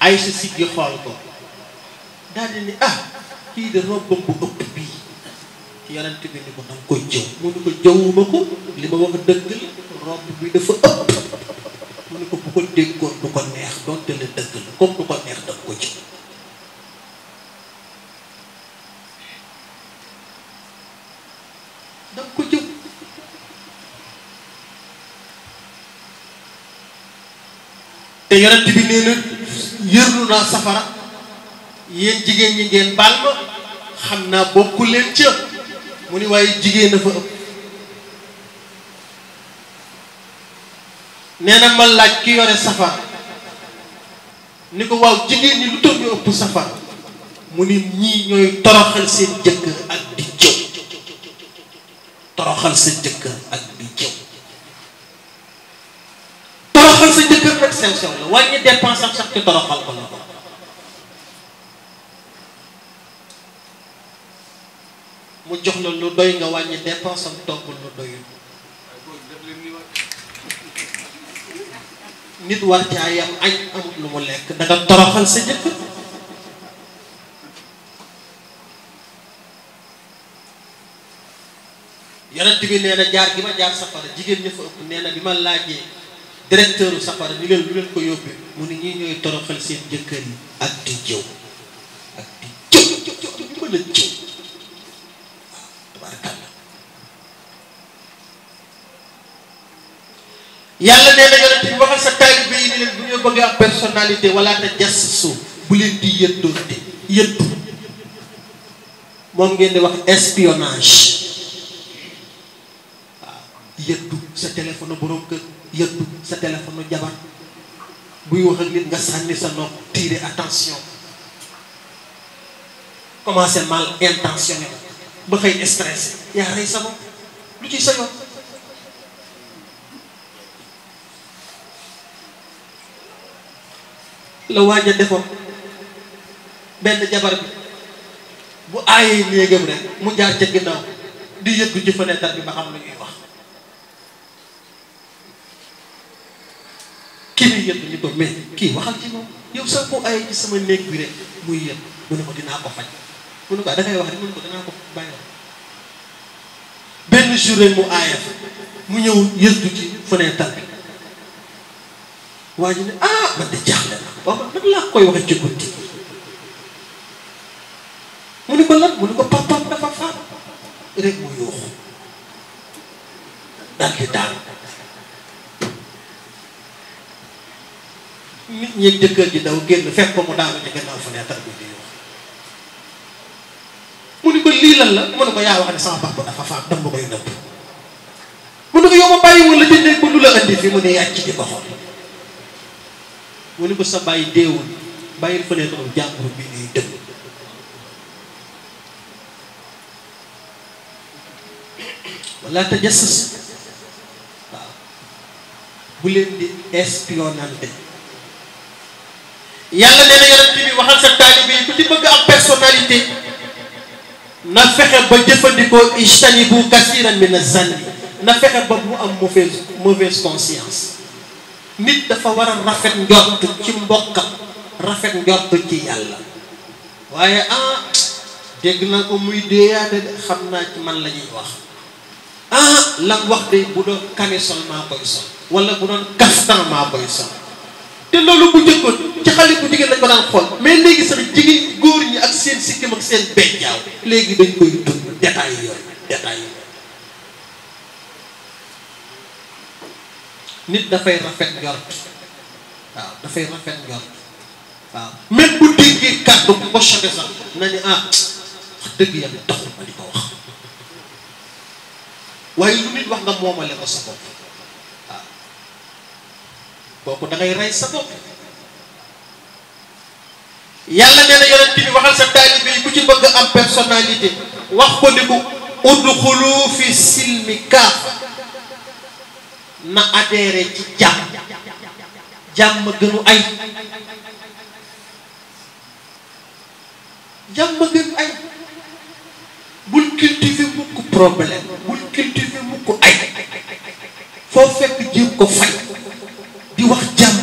Aïcha siggi xool ko daal ni ah kii de robbam bu ëpp bii yonent bi ni ko danga ko jëw mu ko jëwuma ko li ma wax dëgg la bi dafa ëpp mu ne ko bu ko déggoon du ko neex doonte la dëgg la comme du ko neex daf ko ci daf ko jëm te yonent bi nee yërlu naa safara yéen jigéen yi ngeen baal ma xam naa bokku leen ca mu ni waaye jigéen a fa ëpp nee na ma laaj ki yore safar ni ko waaw jigéen ñi lu tax ñu ëpp safar mu ni ñii ñooy toroxal seen jëkkër ak di jëw toroxal sa jëkkër ak di sew la wàññi dépense sax ci toroxal ko la ko mu jox la lu doy nga wàññi dépense am lu doyul nit war caa añ amut lu mu lekk da nga toroxal sa jëkkër yonent bi nee jaar gi ma jaar safara jigéen ña fa ëpp nee na bi ma laajee directeur u safara ñu leen lu leen ko yóbbee mu ne ñii ñooy toroxal seen jëkkër yi ak di jëw ak di jëw jëw jëw mën a jëw yàlla nee na yonent bi waxal sa taalibe yi ni leen bu ñu bëgg am personnalité wala te jassu bu leen di yëddoonte yëddu moom ngeen di wax espionnage waaw yëddu sa téléphone borom kër yëddu sa téléphone jabar buy wax ak nit nga sànni sa nopp tirer attention commencé mal intentionné ba xëy stressé yaa rey sa lu ci sa yoon la waaj a defoon benn jabar bi bu aayee néegam rek mu jaar ca ginnaaw di yëggu ci fenêtre bi ba xam lu ñuy wax ki muy yëggu ñu ko mais kii waxal ci moom yow sax ko aayee ci sama néeg bi rek muy yëggu mu ne ko dinaa ko faj mu ne ko ah, dangay wax rek mu ne ko dinaa ko bàyyi benn jour mu aayee mu ñëw yëggu ci fenêtre bi waa ji ne ah man de jaaxle na waaw man nag laa koy waxee ci guddi mu ni ko lan mu ni ko papaam dafa faat rek mu yuuxu daal di daal nit ñi jëkkër ji daw génn fekk ko mu daanu ci gannaaw fenêtre bi di yuuxu mu ni ko mu ne ko yow ma bàyyi woon la jëndee la andi fi mu ne yàcc di ko xool mu ni ko sa bàyyi deewul bàyyil fa leen am jàngoro bi ñuy dëgg wala tajassas waaw bu leen di espionnante yàlla nee na yonent bi waxal sa taalibe yi ku ci bëgg am personnalité na fexe ba jëfandikoo ijtanibu kasiran min zanni na fexe ba mu am mauvaise mauvaise conscience nit dafa wara rafet njort ci mbokk rafet njort ci yalla waye ah dégg na ko muy déeyaate de xam ci man lañuy wax ah la wax de bu do kané sol maa koy sol wala bu don kastan ma koy sol té lolu bu njëkkoon ci xale bu jigéen dañ ko daan xol mais légui sax jigi goor ñi ak seen sikkim ak seen bejjaaw légui dañ koy tuddu détail yoy détail nit dafay rafet njort waaw dafay rafet njort waaw même bu déggee kàddu bu ko choqué na ni ah wax dëgg yàlla taxul ma di ko wax waaye lu nit wax nga moomale ko sa bopp waaw kooku da ngay rey sa bopp yàlla nee na yonent bi waxal sa taalibe yi ku ci bëgg am personnalité wax ko ni bu udxulu fi silmi kaafa na adhéré ci jàmm jàmm gënu ay jàmm gënu ay bul cultiver mukk problème bul cultiver mukk ay foo fekk jéem ko fay di wax jàmm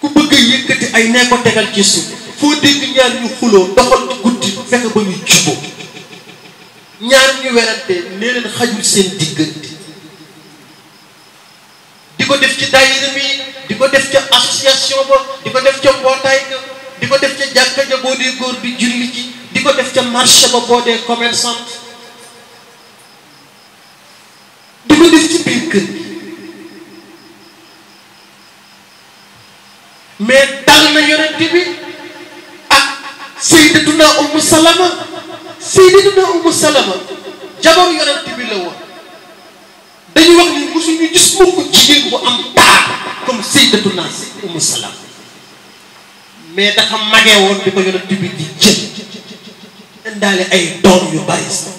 ku bëgg a yëkkati ay nee ko tegal ci suuf foo dégg ñaar ñu xuloo doxal guddi fekk ba ñu juboo ñaar ñu werante nee leen xajul seen diggante di ko def ci daayira bi di ko def ca association ba di ko def ca mbootaay ga di ko def ca jàkka boo dee góor bi julli ji di ko def ca marché ba boo dee commerçant di ko def ci biir kër mais dal na yonente bi ak sayyidatuna Ummu Salama Sayyidatuna Umu Salama jabaru yonent bi la woon dañuy wax ni mosuñu gis mukk jigéen bu am taar comme Sayyidatuna Umu Salama mais dafa magee woon bi ko yonent bi di jël indaale ay doom yu bari sax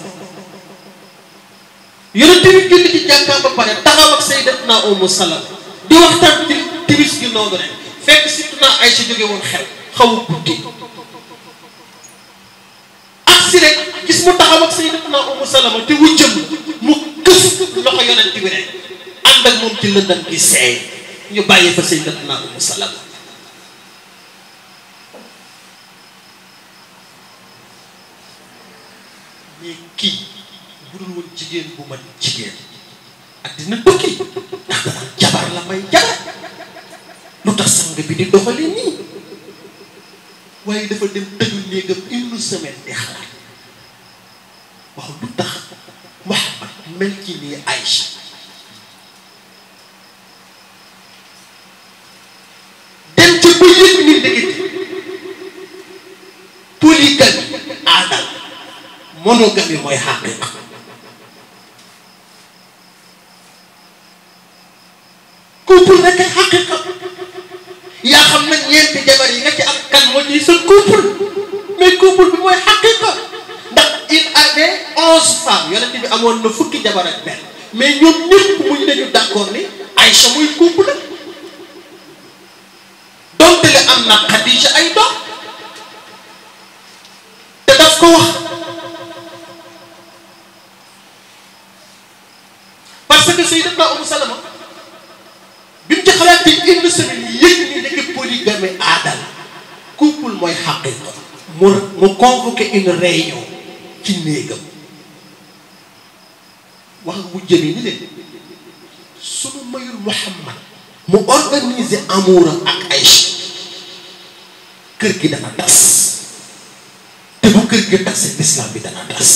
yonent bi julli ci jàkkaam ba pare taxaw ak Sayyidatuna Umu Salama di waxtaan ci timis gi noonu rek fekk Sayyidatuna Aysa jóge woon xel xaw a guddi si rek gis mu taxaw ak Sayyidatuna Umu Salama te wujjam mu gës loxo yonent bi kii bu dul woon jigéen bu man jigéen ak tukki ndax dana jabar la may jabar lu tax sang bi di doxalee nii waaye dafa dem tëju néegam une semaine di xalaat wax lu tax Muhammad mel ci nii Aïcha dem ci ba yëg ni ndekete polygamie aadal monogamie mooy xaqiqa couple naka xaqiqa yaa xam nag ñeenti jabar yi nga ci am kan moo ciy sa couple mais couple bi mooy xaqiqa ndax il avait onze femmes yonent bi amoon na fukki jabar ak benn mais ñoom ñëpp muñ dañu d'accord ni Aïcha muy kump la donte le am na Xadija ay doom te daf ko wax parce que Sayyidatuna Umu Salama bi mu ci xalaatee une semaine yëg ni nekk polygamie aadal couple mooy xaqiqa mu mu convoqué une réunion ci néegam wax bu jëmi ni leen su ma mayul Muhammad mu organiser amuuram ak Aïcha kër gi dana tas te bu kër gi tasee lislaam bi dana tas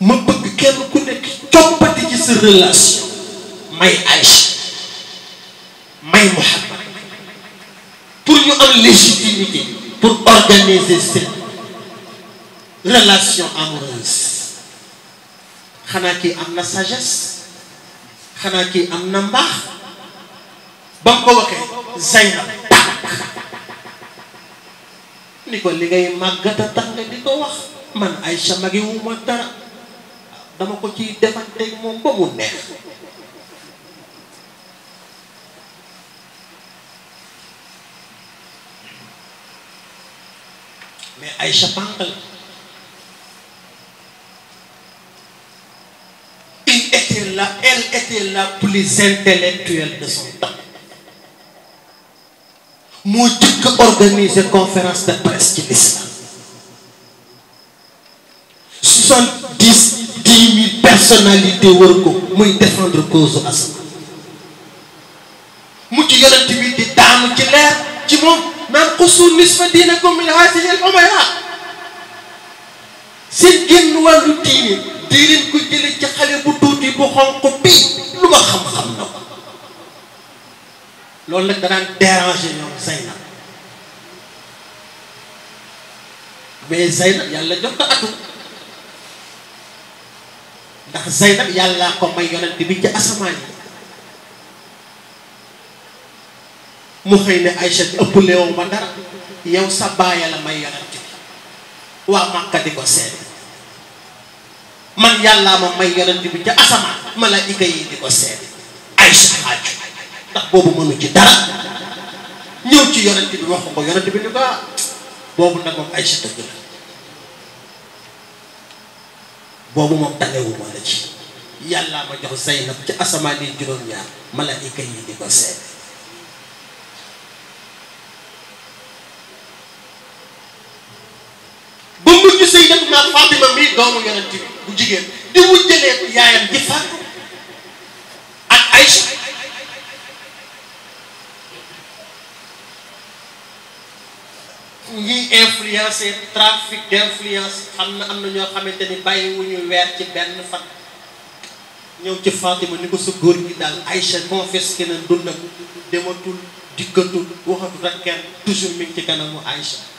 ma bëgg kenn ku nekk coppati ci sa relation may Aïcha may Muhammad pour ñu am légitimité pour organiser seen relation amoureuse xanaa kii am na sagesse xanaa kii am na mbaax ba mu ko waxee Zaynab ni ko li ngay màggata tax nga di ko wax man Aïcha magi wu ma dara dama ko ci defanteeg moom ba mu neex mais Aïcha pànk la était là, elle était la plus intellectuelle de son temps. Moudjik organise une conférence de presse qui est là. 70 000 personnalités ont défendu défendre la cause à a l'intimité des dames qui l'air, qui m'ont même consommé ce matin comme il a essayé là. C'est une nous a dee leen ko jële ci xale bu tuuti bu xonq bii lu ma xam-xam na ko loolu nag danaan déranger ñoom Zeynab mais Zeynab yàlla jox ko atu ndax Zeynab yàlla ko may yonent bi ci asamaan yi mu xëy ne Aïcha ëpp léewu dara yow sa baaya la may yonent waa Màkka ko seet man yàllaa ma may yonent bi ca asamaan malaayika yi di ko seet ay saxaaju ndax boobu mënu ci dara ñëw ci yonent bi wax ko yonent bi ni ko ah, boobu nag moom ay sa dëgg la boobu moom tànnewuma la ci yàllaa ma jox Zeynab ci asamaan yi juróom-ñaar malaayika yi di ko seet bi Sayyidatuna Fatima mii doomu yonent bi bu jigéen di wujjalee yaayam ji fàttu ak Aïcha ñiy influencer trafic d'influence xam na am na ñoo xamante ni bàyyi wu ñu weer ci benn fan ñëw ci Fatima ni ko sa góor gi daal Aïcha confisqué na dund ak dematul dikkatul waxatul ak toujours mi ngi ci kanamu Aïcha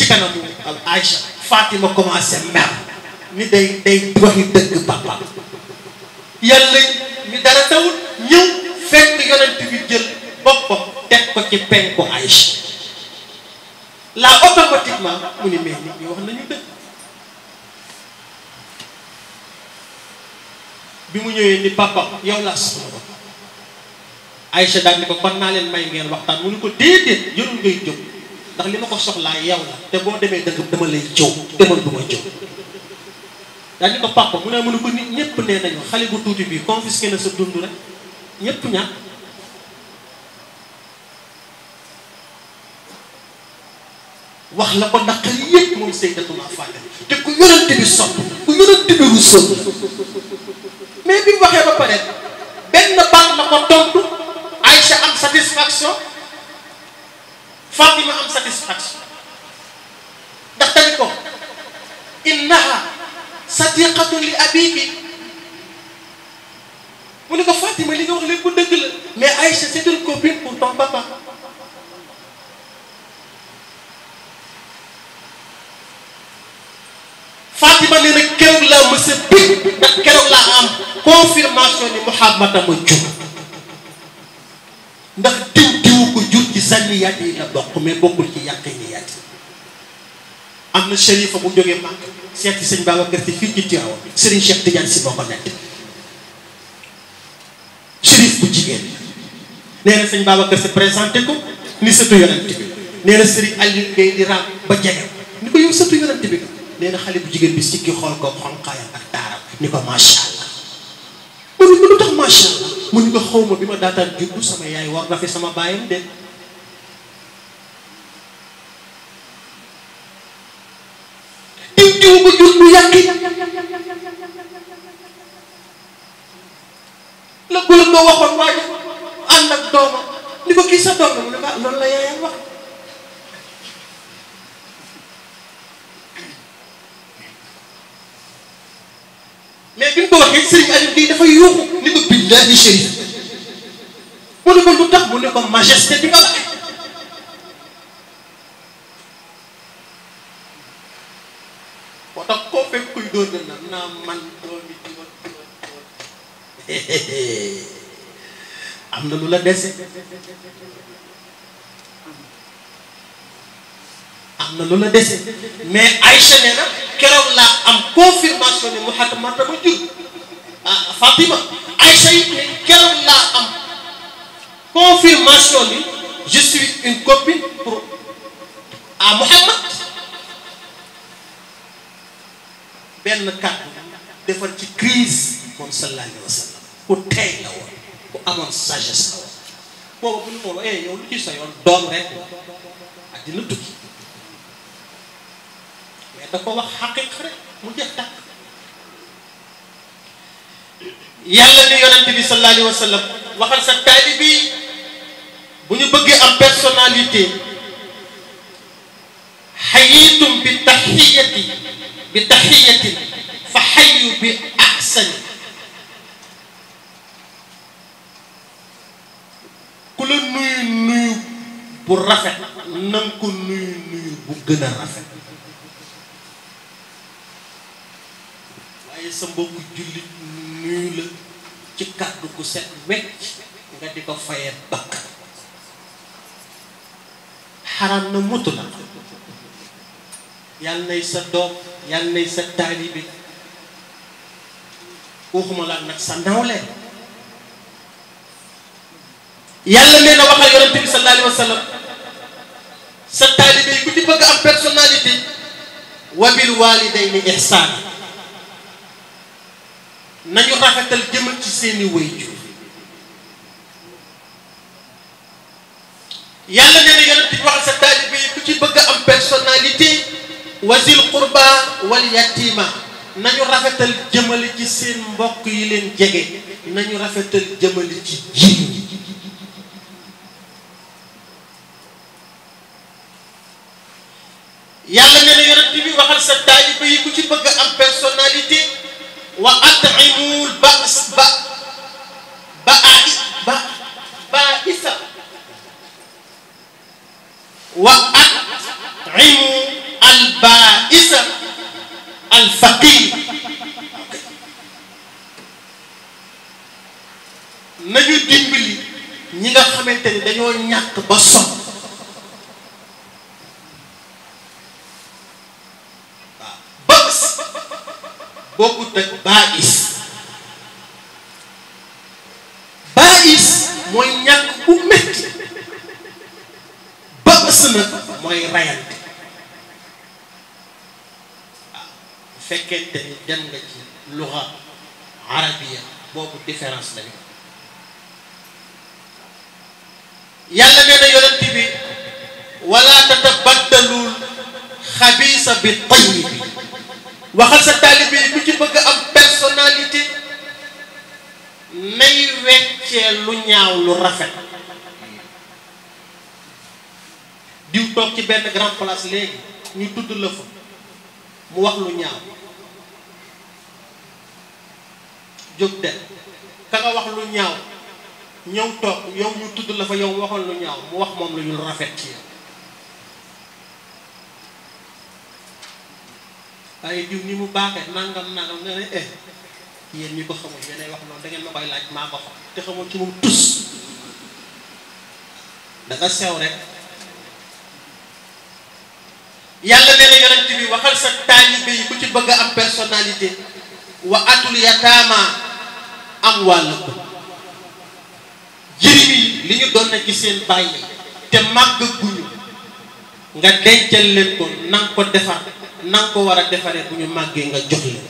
ci kanamu al Aïcha Fatima commencé mer ni day day waxi dëgg papa yàlla mi dara tawul ñëw fekk yonent bi jël boppam teg ko ci penku Aïcha la automatiquement mu ni mais nit ñi wax nañu dëgg bi mu ñëwee ni papa yow laa soxla Aïcha daal ni ko kon naa leen may ngeen waxtaan mu ni ko déedéet jërul ngay jóg ndax li ma ko laa yow la te boo demee dëgg dama lay jëw demal du ma jëw daal di ko papa mu ne mënu ko nit ñëpp nee nañu xale bu tuuti bi confisqué na sa dund rek ñëpp ñàkk wax la ko naqar yëpp moom Sayyidatuna Fatima te ku yonent bi sopp ku yonent bi rusul mais bi waxee ba pare benn baax na ko tontu Aïcha am satisfaction Fatima am satisfaction ndax dañ ko innaha sadiqatun li abibi mu ne ko li nga wax lépp dëgg la mais Aïcha c'est une copine pour ton papa Fatima nee na keroog laa mës a bég ndax am confirmation ni Muhammad ma jur ndax diw diwu ko jur ci sànni yaat yi la bokk mais bokkul ci yàqi ni yaat am na shérifa bu jógee màgg seet ci sëñ Babacar Sy fii ci Tiwaawan Serigne Cheikh Tidiane Sy boo ko nekk shérif bu jigéen nee na sëñ Babacar Sy présenté ko ni sëtu yonent bi nee na Serigne Aliou di raam ba jege ni ko yow sëtu yonent bi nee na xale bu jigéen bi sikki xool ko xonqaayam ak taaram ni ko macha mu ne lu tax macha allah ko sama yaay war na sama bàyyam de diw diw ma jur lu yàq la ko la ko waxoon waaye ànd ak doomam ni ko mais bi mu ko waxee Serigne Aliou Guèye dafa yuuxu ni ko billahi chérif mu ne ko lu mu ne ko majesté bi nga waxee moo tax koo fekk kuy dóor na nag naa man doomi diwa diwa am na lu la dese am na lu mais Aïcha nee na laa am confirmation ne Muhammad man dama jur ah, Fatima Aïcha it ne laa am confirmation ni je suis une pour ah, Muhammad benn kàddu defar ci crise moom sallallahu alayhi ku tey la woon ku amoon sagesse la woon boobu bu ñu xooloo eh yow lu ci sa yoon doom rek addina tukki. dafa wax xaqiqa rek mu jeex tàkk yàlla ni bi sallallahu alayhi wa sallam waxal sa taalibe bu ñu bëggee am personnalité xayitum bi taxiyati fa xayu bi axsani ku la nuyu nuyu bu rafet na nga ko nuyu bu gën a rafet sa mbokku jullit nuyu la ci kàddu gu set wecc nga di ko fayee bakk xaraam na mutu la yàlla nay sa doom yàlla nay sa taalibe waxuma laa nag sa nawle yàlla nee na waxal yonente bi sallallahu alayhi wa sallam sa taalibe ku ci bëgg am personnalité wa bil ihsaan nañu rafetal jëmal ci seeni waajur yàlla nee na yonent bi sa taalibe yi ku ci bëgg a am personnalité wasil qurba wal yatima nañu rafetal jëmale ci seen mbokk yi leen jege nañu rafetal jëmale ci jiw yàlla nee na yonent bi sa taalibe yi ku ci bëgg am personnalité وأطعموا البأس بائس وأطعموا البائس الفقير nañu dimbali ñi nga xamante ni dañoo ñàkk ba sonn bokkut ak baais baais mooy ñàkk bu métti ba ës mooy rayante waaw bu fekkente ni ci luxa arabiya boobu différence lañu yàlla nee na yonent wala tatabaddalu xabiisa bi tayyib waxal sa taalibe bi ci bëgg am personnalité nay weccee lu ñaaw lu rafet diw toog ci benn grand place léegi ñu tudd la fa mu wax lu ñaaw jóg de ka nga wax lu ñaaw ñëw toog yow ñu tudd la fa yow waxoon lu ñaaw mu wax moom la rafet ci waaye diw ni mu baaxee nangam nangam nga ne eh yéen ñi ko xamul yéenay wax noonu da ngeen ma koy laaj maa ko xam te xamul ci moom tus da nga sew rek yàlla nee na yonent bi waxal sa taalibe yi ku ci bëgg am personnalité wa atul yataama am wàll ko jëriñ li ñu doon na ci seen bàyyi te màgg guñu nga dencal leen ko nanga ko defar nanga ko war a defaree bu ñu màggee nga jox leen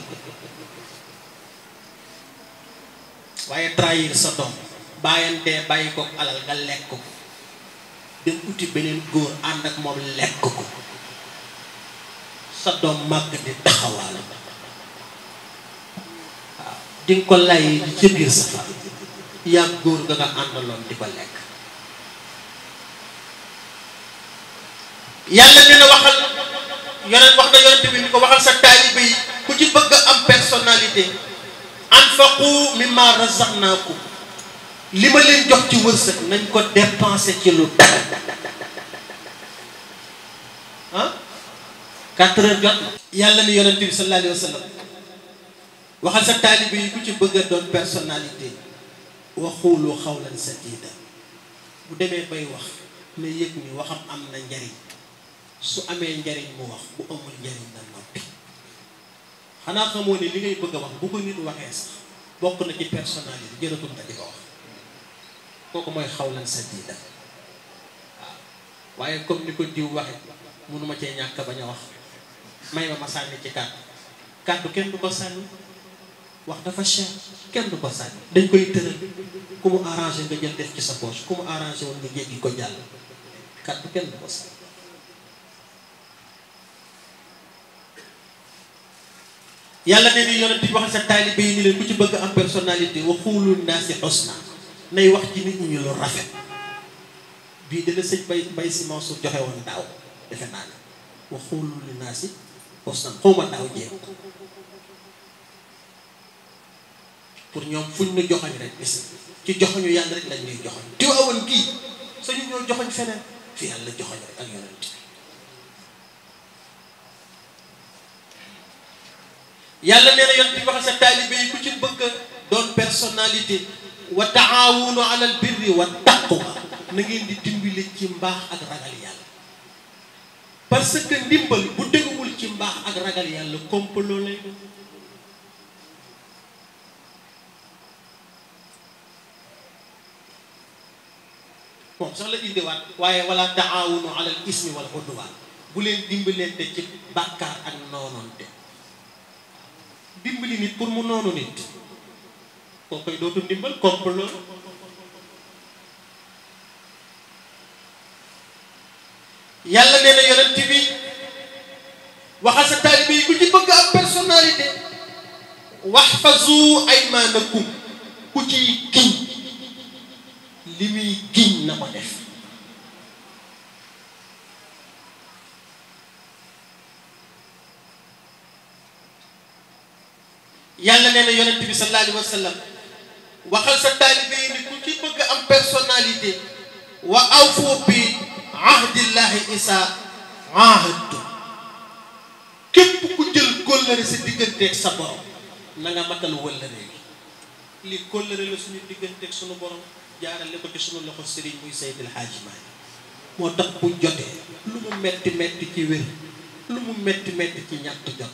waaye trahir sa doom bàyyantee bàyyi ko alal nga lekk ko dem uti beneen góor ànd ak moom lekk ko sa doom màgg di taxawaal waaw di nga ko lay ci biir safar yaa góor nga nga àndaloon di ko lekk yàlla nee na waxal yonent wax na yonent bi ni ko waxal sa taalibe yi ku ci bëgg am personnalité anfaqu naa ko li ma leen jox ci wërsëg nañ ko dépenser ci lu dara ah quatre heures jot yàlla ni yonent bi sallallahu alayhi wa sallam waxal sa taalibe yi ku ci bëgg a doon personnalité waxulu xawlan sadida bu demee bay wax na yëg ni waxam am na njariñ su amé njariñ mu wax bu amul njariñ na noppi xanaa xamoo ne li ngay bëgg wax bu ko nit waxé sax bokk na ci personnalité jëratul ta di ko wax kooku mooy xawlan sa diida waaw waaye comme ni ko diw waxé mënuma cee ñàkk bañ a wax may ma ma sànni ci kàddu kaddu kenn du ko sanni wax dafa cher kenn du ko sanni dañ koy tëral kumu arranger nga jël def ci sa poche kumu arranger won nga jéggi ko jall kaddu kenn du ko sanni yàlla nee na yonent bi wax sa taalibe yi ni leen ku ci bëgg am personnalité wa xuulu naasi xusna nay wax ci nit ñu lu rafet bii dina sëñ bay bay si Mansour joxe woon daaw defe naa ne wa xuulu naasi xusna xawma daaw jéem pour ñoom fuñ ñu joxoñ rek gis ci joxoñu yàlla rek lañ ñuy joxoñ te awoon kii sañu ñoo joxoñ feneen fi yàlla joxoñ rek ak yonent bi yàlla nee na yoon bi wax sa taalibe yi ci bëgg doon personnalité wa taawunu alal birri wa taqwa na ngeen di dimbali ci mbaax ak ragal yàlla parce que ndimbal bu dëgguwul ci mbaax ak ragal yàlla complot moom sax la indiwaat waaye wala taawunu alal ismi wal udwaan bu leen dimbalante ci bàkkaar ak noonoonte dimbali nit pour mu noonu nit kooku koy dootu ndimbal complot yàlla nee na yonent bi waxal sa taalibe ku ci bëgg am personnalité waxfazu aymaanakum ku ciy giñ li muy giñ na ko def yàlla nee na yonent bi sallallahu alayhi wa sallam waxal sa taalibe yi ni ku ci bëgg am personnalité wa awfu bi ahdillahi isa ahadtu képp ku jël kóllëre sa digganteeg sa borom na matal wëllëre li kóllëre la suñu digganteeg suñu borom jaarale ko ci suñu loxo sëriñ muy Seydil Hadji Maalik moo tax bu jotee lu mu metti metti ci wér lu mu metti metti ci ñàkk jot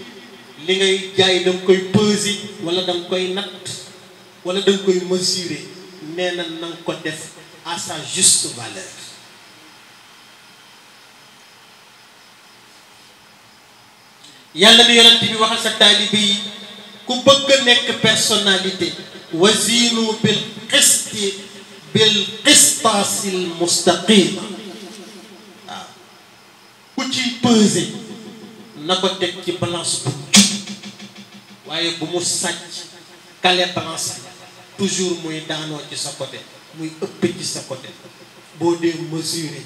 li ngay jaay da nga koy peser wala da koy natt wala da koy mesurer nee na na ko def à sa juste valeur yàlla ni yonent bi waxal sa taalibe yi ku bëgg a nekk personnalité wazinu bil qisti bil qistaasil mustaqim ku ciy peser na ko teg ci balance bu waaye bu mu sàcc calebasse toujours muy daanoo ci sa côté muy ëpp ci sa côté boo dee mesurer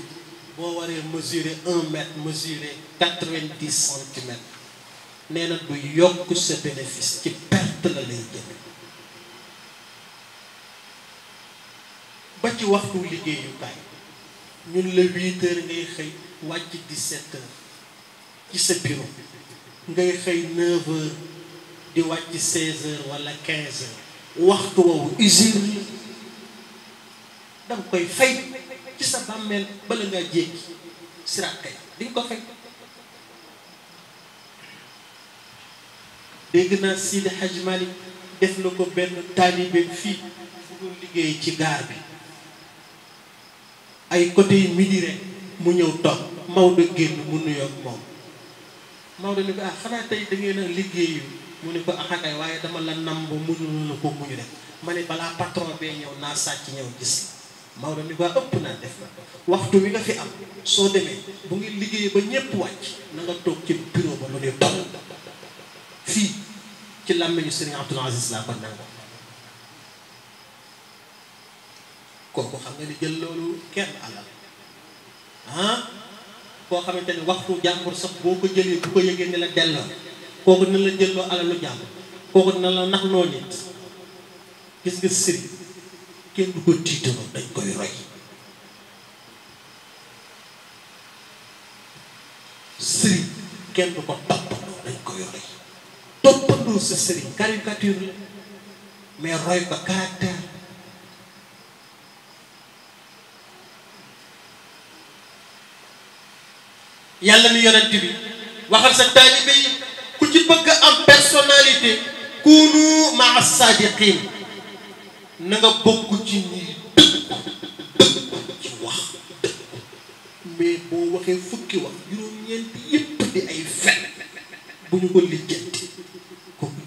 boo waree mesurer un mètre mesurer quatre-vingt-dix centimètres nee na du yokk sa bénéfice ci perte la lay jëm ba ci waxtu liggéeyukaay ñun la huit heures ngay xëy wàcc dix-sept ci sa bureau ngay xëy neuf di wàcc 16 heures wala 15 heures waxtu woowu usine danga koy fay ci sa bàmmeel bala nga jékki siraat kay di ko fay dégg naa Sidi Hadj def na ko benn taalibeem fii fu doon liggéey ci gaar bi ay côté yu midi rek mu ñëw toog Maodo génn mu nuyoog moom Maodo ni ko ah xanaa tey da ngeen a liggéeyu mu ne ko axakay waaye dama la nam ba muñu la ko muñu def ma ne balaa patron bee ñëw naa sàcc ñëw gis Maodo ni ba ëpp naa def na waxtu bi nga fi am soo demee bu ngi liggéey ba ñépp wàcc na nga toog ci bureau ba lu ne dom fii ci làmmiñu Serigne Abdoul Aziz laa ko nangu kooku xam nga ni jël loolu kenn alal ah koo xamante ni waxtu jàmbur sax boo ko jëlee bu ko yëgee ni la delloo kooku dina la jëlloo alalu jàmm kooku dina la nax loo nit gis nga sëriñ kenn du ko tiitaroo dañ koy roy sëriñ kenn du ko toppandoo dañ koy roy toppandoo sa sëriñ caricature la mais roy ba caractère yàlla mi yonent bi waxal sa taalibe ku ci bëgg am personnalité kunu ma sadiqin na nga bokk ci ñi ci wax mais boo waxee fukki wax juróom-ñeenti yëpp di ay fen bu ñu ko lijjanti kooku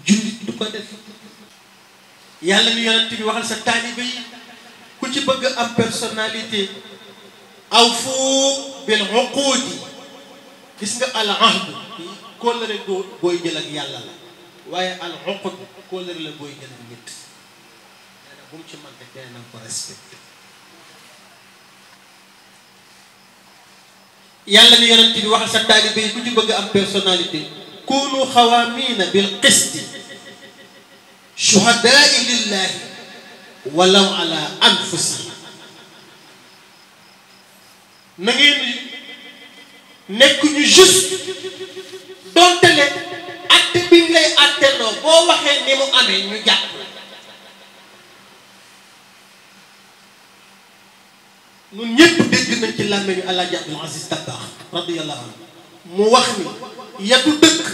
du ko def yàlla nu yonent bi waxal sa taalibe ku ci bëgg am personnalité aw fu bil nga al ahd kóllëre goo booy jël ak yàlla la waaye al uqd kóllëre la booy jël ak nit nee na bu mu ci mante dee na ko respecté yàlla ni yonent bi waxal sa taalibe yi ku ci bëgg am personnalité kunu xawaamina bil qisti shuhadaai lillahi walaw ala anfusihim na ngeen nekk ñu juste donte le acte bi ñu lay atteloo boo waxee ni mu amee ñu jàpp ñun ñëpp dégg nañ ci làmmiñu Alaaji Abdul Aziz Dabakh radiyallahu anhu mu wax ni yatu dëkk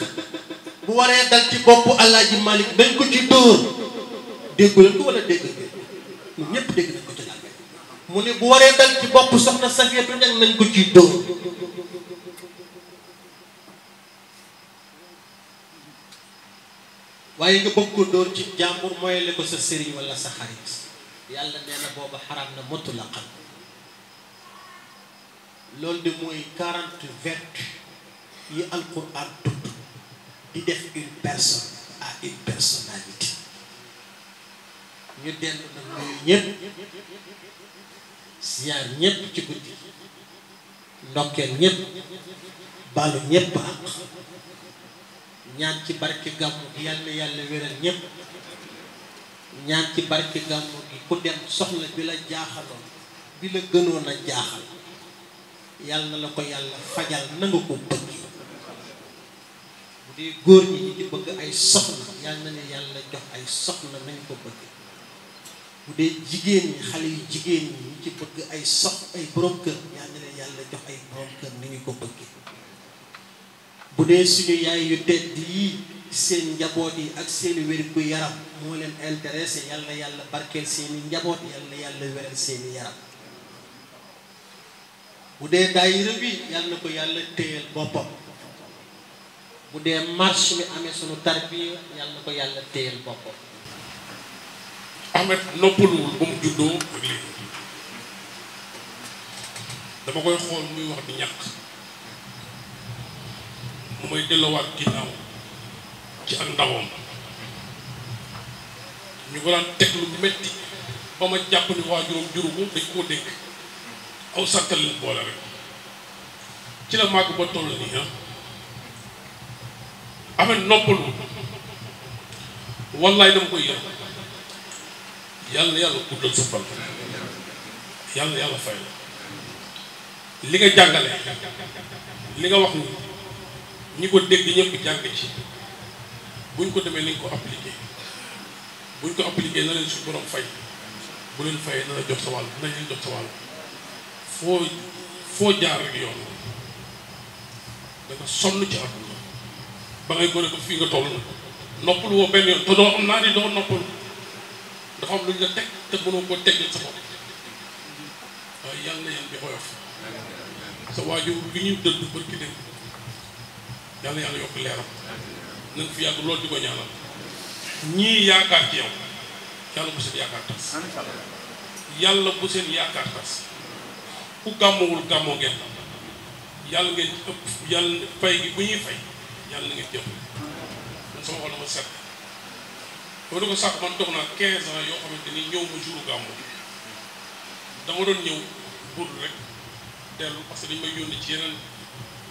bu waree dal ci boppu Alaaji Malick dañ ko ci dóor déggu leen ko a dégg ñun ñëpp dégg nañ ko ci làmmiñ mu ne bu waree dal ci bopp soxna Safiyatu ñag nañ ko ci dóor waaye nga bëgg ko dóor ci jàmbur mooy ko sa sëriñ wala sa xarit yàlla nee booba xaraam na mutlaqan loolu de mooy quarante vert yi alquran tudd di def une personne à une ñu dend nag ñooyu ñëpp siyaar ñëpp ci guddi ndokkeel ñëpp baalu ñëpp ak ñaan ci barke gàmmu gi yàlla yàlla wéral ñépp ñaan ci barke gàmmu gi ku dem soxla bi la jaaxaloon bi la gënoon a jaaxal yàlla na la ko yàlla fajal na ko bëgg bu dee góor ñi ñi di bëgg ay soxna yàlla na ne yàlla jox ay soxna nañ ko bëgg bu dee jigéen ñi xale yu jigéen yi ñi ci bëgg ay sox ay borom kër yàlla na ne yàlla jox ay borom kër ni ko bëgg bu dee suñu yaay yu tedd yi seen njaboot yi ak seen wér bu yaram moo leen intéressé yàlla yàlla barkeel seeni njaboot yàlla yàlla wéral seeni yaram bu dee daayira bi yàlla ko yàlla téyel boppam bu dee marche bi amee sunu tarbiya yàlla ko yàlla téyel boppam Ahmed noppaluwul ba mu juddoo dama koy xool muy wax di ñàkk mooy delloowaat ginnaaw ci ak ndawam ñu ko daan teg lu metti ba ma jàpp ni waajuram juru ko dañ koo dégg aw sàkkal boole rek ci la màgg ba toll nii ah. amee noppalu wallaay dama koy yër yàlla yàlla guddal sa yàlla yàlla fay la li nga jàngale li nga wax nii ñi ko dégg ñëpp jàng ci buñ ko demee nañ ko appliqué buñ ko appliqué na leen suñu borom fay bu leen fayee na la jox sa wàll foo foo jaar rek yoon ba ngay gone ko fii nga toll noppal woo benn te doo am naa ni doo noppal dafa am lu ñu teg te mënoo koo teggil sa bopp waaye yàlla na yan bi xoyof sa waajur bi ñu dëdd bërki dem yàlla yàlla yokk leeram na fi yàgg loolu di ko ñaanal ñii yaakaar ci yow yàlla bu seen yaakaar tas yàlla bu seen yaakaar tas ku gàmmoowul gàmmoo ngeen yàlla ngeen ëpp yàlla bu ñuy fay yàlla na ngeen jëpp man sama xol dama yoo xamante ni ñëw ma juru gàmmu doon ñëw pour rek dellu parce que dañ may yónni ci yeneen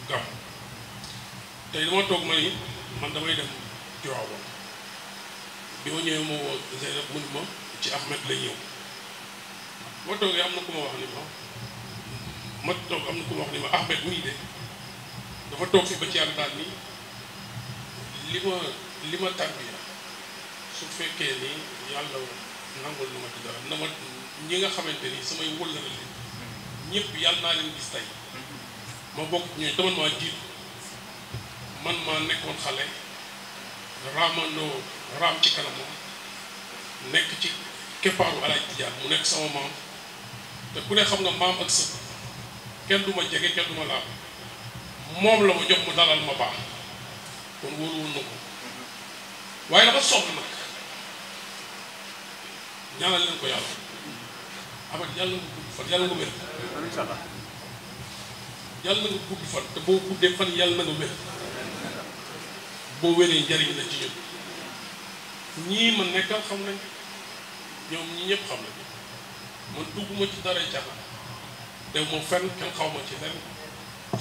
gàmmu tey dama toog ma ni man damay dem Tiwaawan bi ma ñëwee ma woo Zeynab mu ma ci Ahmed lay ñëw ma toogee am na ku ma wax ni ma ma toog am na ku ma wax ni ma Ahmed mii de dafa toog fi ba ci yàlla daal ni li ma li ma tarbiya su fekkee ni yàlla nangul na ma ci na ma ñi nga xamante ni samay wëllëral mm-hmm. ñëpp yàlla naa leen gis tey mm-hmm. ma bokk ñooy dama maa jiitu man ma nekkoon xale raamandoo raam ci kanamam nekk ci keppaaru alaaj tijaan mu nekk sama maam te ku ne xam nga maam ak sët kenn du ma jege kenn du ma moom la ma jox mu dalal ma baax kon wóoruwul na ko waaye dafa soxla nag ñaanal leen ko yàlla amat yàlla nga gudd fan yàlla nga gudd fan te boo guddee fan yàlla nga wér boo wéree njariñ la ci ñun ñii ma nekkal xam nañ ñoom ñi ñëpp xam nañ man dugguma ci dara caaxaan dem moom fenn kenn xaw ma ci lenn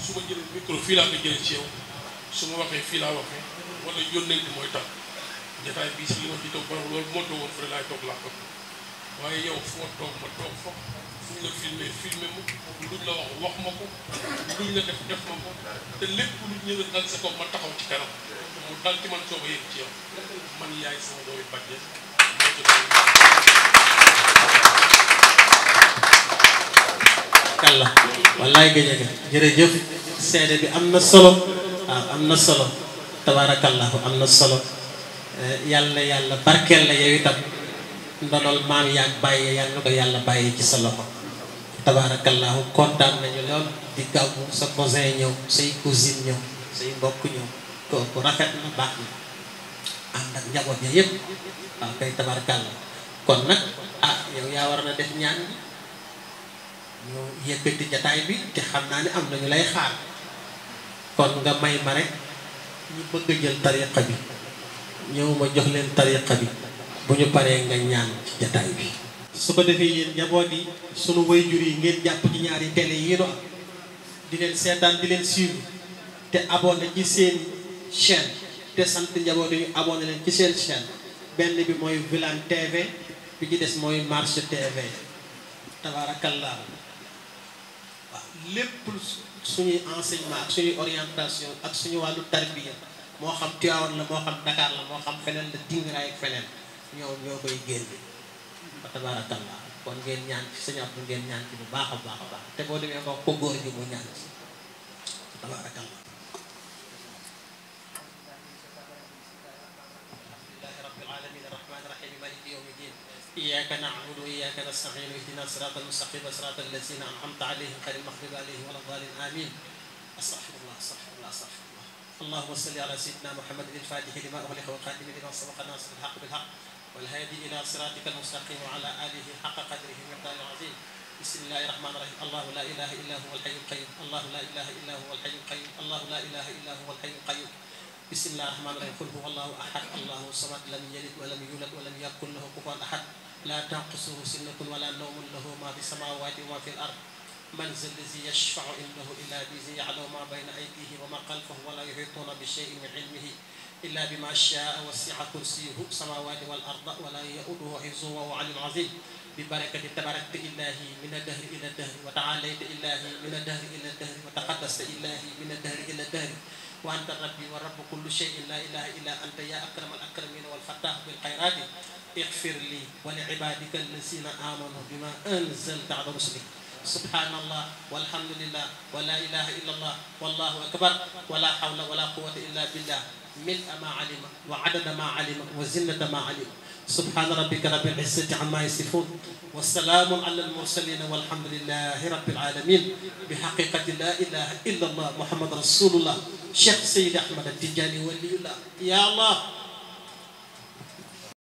su ma jëlee micro fii laa ko jëlee ci yow su ma waxee fii laa waxee wala yónnee mooy tax jotaay bii si li ma ci toog borom loolu moo toogoon fële laay toog laa ko waaye yow foo toog ma toog fa fu ñu la filmé filmé ma luñ la wax wax ma ko luñ la def def ma ko te lépp lu ñu la sa kaw ma taxaw ci kanam. mu dal ci man soo jërëjëf seede bi am na solo waaw ah, am na solo tabaarakallahu am na solo eh, yàlla yàlla barkeel la yow itam ndonol maam yaag bàyyee yàlla ko yàlla bàyyee ci sa loxo tabaarakallahu kontaan nañu lool di gàmmu sa cousin ñëw say cousine ñëw say mbokk ñëw ku rakyat bak andak jago jeyep pakai tabarkal konak a ah, yang ya warna def ñaan ñu yëkëti jotaay bi te xam naa ne am nañu lay kon nga may ma rek ñu bëgg jël tariqa bi ñëw ma jox leen tariqa bi bu ñu paree nga ñaan ci jotaay bi su ko defee yéen njaboot yi sunu wayjur di leen di te abonné ci seen chaîne te sant njaboot yi abonné leen ci seen chaîne benn bi mooy Wilane TV bi ci des mooy Marche TV tabaarakallaa waaw lépp suñuy enseignement ak suñuy orientation ak suñu wàllu tarbiya moo xam Tivaouane la moo xam Dakar la moo xam feneen la Dingiraay ak feneen ñoom ñoo koy génne fa tabaarakallaa kon ngeen ñaan ci sëñ Abdou ngeen ñaan ci bu baax a baax te boo demee nga ko góor mu ñaan ci tabaarakallaa إياك نعبد وإياك نستعين اهدنا الصراط المستقيم صراط الذين أنعمت عليهم غير المغضوب عليهم ولا الضالين آمين أستغفر الله أستغفر الله أستغفر الله اللهم صل على سيدنا محمد الفاتح لما أغلق والقادم لما سبق ناصر الحق بالحق والهادي إلى صراطك المستقيم وعلى آله حق قدره مقدار العظيم بسم الله الرحمن الرحيم الله لا إله إلا هو الحي القيوم الله لا إله إلا هو الحي القيوم الله لا إله إلا هو الحي القيوم بسم الله الرحمن الرحيم قل هو الله أحد الله الصمد لم يلد ولم يولد ولم يكن له كفوا أحد لا تنقصه سنة ولا نوم له ما في السماوات وما في الأرض من ذا الذي يشفع عنده إلا بإذنه يعلم ما بين أيديه وما خلفه ولا يحيطون بشيء من علمه إلا بما شاء وسع كرسيه السماوات والأرض ولا يؤوده حفظه وهو علي العظيم ببركة تباركت الله من الدهر إلى الدهر وتعاليت الله من الدهر إلى الدهر وتقدست الله من الدهر إلى الدهر وأنت ربي ورب كل شيء لا إله إلا أنت يا أكرم الأكرمين والفتاح بالخيرات اغفر لي ولعبادك الذين آمنوا بما أنزلت على رسلك سبحان الله والحمد لله ولا إله إلا الله والله أكبر ولا حول ولا قوة إلا بالله ملء ما علم وعدد ما علم وزنة ما علم سبحان ربك رب العزة عما يصفون والسلام على المرسلين والحمد لله رب العالمين بحقيقة لا إله إلا الله محمد رسول الله شيخ سيد أحمد التجاني ولي الله يا الله